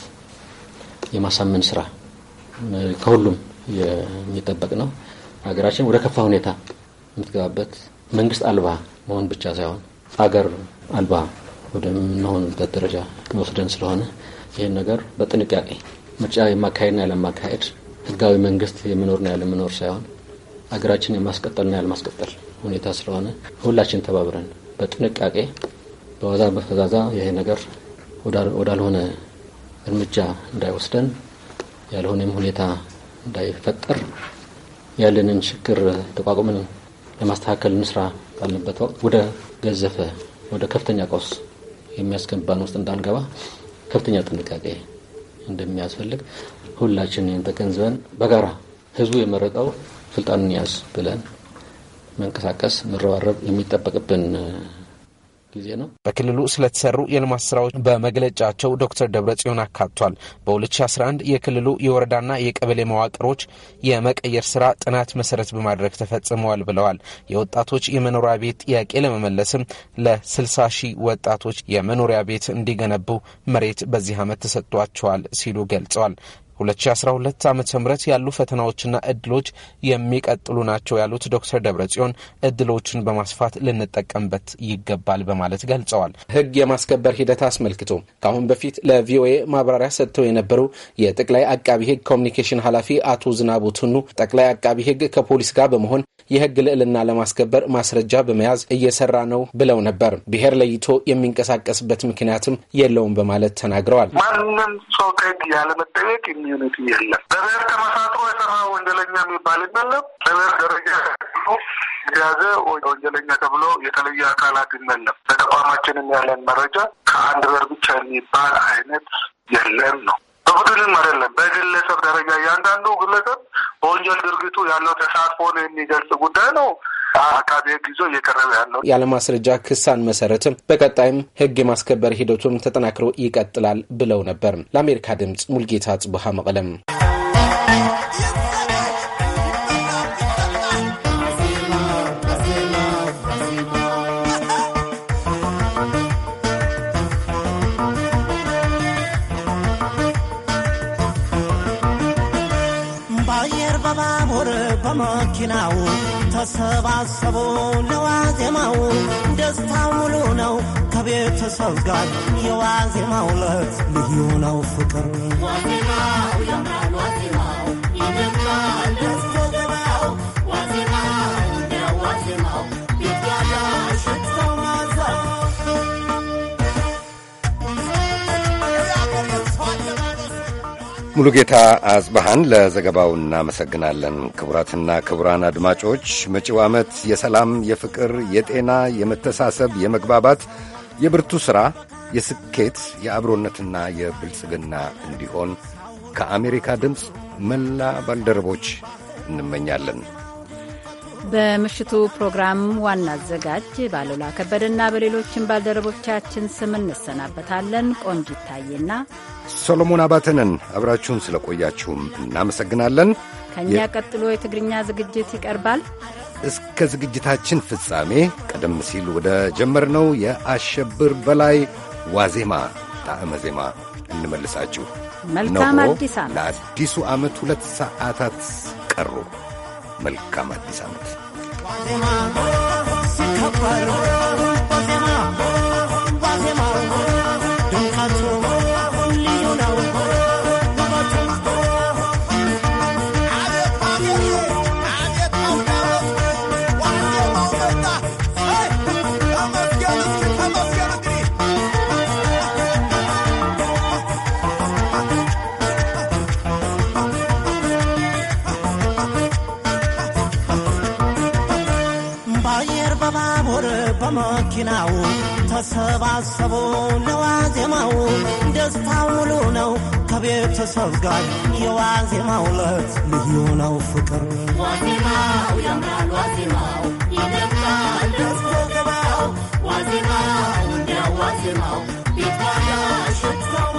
Speaker 16: የማሳመን ስራ ከሁሉም የሚጠበቅ ነው። ሀገራችን ወደ ከፋ ሁኔታ የምትገባበት መንግስት አልባ መሆን ብቻ ሳይሆን አገር አልባ ወደምንሆንበት ደረጃ ወስደን ስለሆነ ይህን ነገር በጥንቃቄ ምርጫ የማካሄድና ያለማካሄድ ህጋዊ መንግስት የመኖርና ያለመኖር ሳይሆን አገራችን የማስቀጠልና ያለማስቀጠል ሁኔታ ስለሆነ ሁላችን ተባብረን በጥንቃቄ በዋዛ በፈዛዛ ይሄ ነገር ወዳልሆነ እርምጃ እንዳይወስደን ያልሆነም ሁኔታ እንዳይፈጠር ያለንን ችግር ተቋቁመን ለማስተካከል እንስራ ባለበት ወቅት ወደ ገዘፈ ወደ ከፍተኛ ቀውስ የሚያስገባን ውስጥ እንዳንገባ ከፍተኛ ጥንቃቄ እንደሚያስፈልግ ይህን ተገንዝበን በጋራ ህዝቡ የመረጠው ስልጣኑን ያዝ ብለን መንቀሳቀስ መረባረብ የሚጠበቅብን
Speaker 15: ጊዜ ነው። በክልሉ ስለተሰሩ የልማት ስራዎች በመግለጫቸው ዶክተር ደብረ ጽዮን አካቷል። በ2011 የክልሉ የወረዳና የቀበሌ መዋቅሮች የመቀየር ስራ ጥናት መሰረት በማድረግ ተፈጽመዋል ብለዋል። የወጣቶች የመኖሪያ ቤት ጥያቄ ለመመለስም ለ60 ሺህ ወጣቶች የመኖሪያ ቤት እንዲገነቡ መሬት በዚህ ዓመት ተሰጥቷቸዋል ሲሉ ገልጸዋል። 2012 ዓ ም ያሉ ፈተናዎችና እድሎች የሚቀጥሉ ናቸው ያሉት ዶክተር ደብረ ጽዮን እድሎችን በማስፋት ልንጠቀምበት ይገባል በማለት ገልጸዋል። ህግ የማስከበር ሂደት አስመልክቶ ከአሁን በፊት ለቪኦኤ ማብራሪያ ሰጥተው የነበሩ የጠቅላይ አቃቢ ህግ ኮሚኒኬሽን ኃላፊ አቶ ዝናቡ ቱኑ ጠቅላይ አቃቢ ህግ ከፖሊስ ጋር በመሆን የህግ ልዕልና ለማስከበር ማስረጃ በመያዝ እየሰራ ነው ብለው ነበር። ብሔር ለይቶ የሚንቀሳቀስበት ምክንያትም የለውም በማለት ተናግረዋል።
Speaker 17: ማንም ሰው ከህግ ያለመጠየቅ ኮሚኒቲ የለም።
Speaker 4: በብሔር ተመሳጥሮ የሰራ ወንጀለኛ የሚባል የለም። በብሔር ደረጃ የተያዘ ወንጀለኛ ተብሎ የተለየ አካላት የለም። በተቋማችንም ያለን መረጃ ከአንድ በር ብቻ የሚባል አይነት የለም ነው። በቡድንም አይደለም፣ በግለሰብ ደረጃ እያንዳንዱ ግለሰብ በወንጀል ድርጊቱ ያለው ተሳትፎ ነው የሚገልጽ ጉዳይ ነው።
Speaker 17: አቃቤ ሕግ ይዞ እየቀረበ
Speaker 15: ያለው ያለማስረጃ ክሳን መሰረትም በቀጣይም ህግ የማስከበር ሂደቱም ተጠናክሮ ይቀጥላል ብለው ነበር። ለአሜሪካ ድምፅ ሙልጌታ ጽቡሃ መቀለም
Speaker 4: ተሰባሰቡ ለዋዜማው ደስታ ሙሉ ነው ከቤተሰብ ጋር የዋዜማው ዕለት ልዩ ነው ፍቅር
Speaker 1: ሙሉጌታ አጽብሃን ለዘገባው እናመሰግናለን። ክቡራትና ክቡራን አድማጮች መጪው ዓመት የሰላም፣ የፍቅር፣ የጤና፣ የመተሳሰብ፣ የመግባባት፣ የብርቱ ሥራ፣ የስኬት፣ የአብሮነትና የብልጽግና እንዲሆን ከአሜሪካ ድምፅ መላ ባልደረቦች እንመኛለን።
Speaker 2: በምሽቱ ፕሮግራም ዋና አዘጋጅ ባሉላ ከበደና በሌሎችም ባልደረቦቻችን ስም እንሰናበታለን። ቆንጅ ይታየና
Speaker 1: ሰሎሞን አባተንን አብራችሁን ስለቆያችሁም እናመሰግናለን።
Speaker 2: ከእኛ ቀጥሎ የትግርኛ ዝግጅት ይቀርባል።
Speaker 1: እስከ ዝግጅታችን ፍጻሜ ቀደም ሲል ወደ ጀመርነው የአሸብር በላይ ዋዜማ ጣዕመ ዜማ እንመልሳችሁ።
Speaker 2: መልካም አዲስ ዓመት።
Speaker 1: ለአዲሱ ዓመት ሁለት ሰዓታት ቀሩ። መልካም አዲስ ዓመት።
Speaker 4: መሰባሰቡ ለዋዜማው ደስታ ውሉ ነው። ከቤተሰብ ጋር የዋዜማው ዕለት ልዩ ነው ፍቅር
Speaker 16: ዋዜማው ያምራል ዋዜማው ይደምቃል ደስ ገባው
Speaker 9: ዋዜማው እንዲያ ዋዜማው ቢታያ ሽታው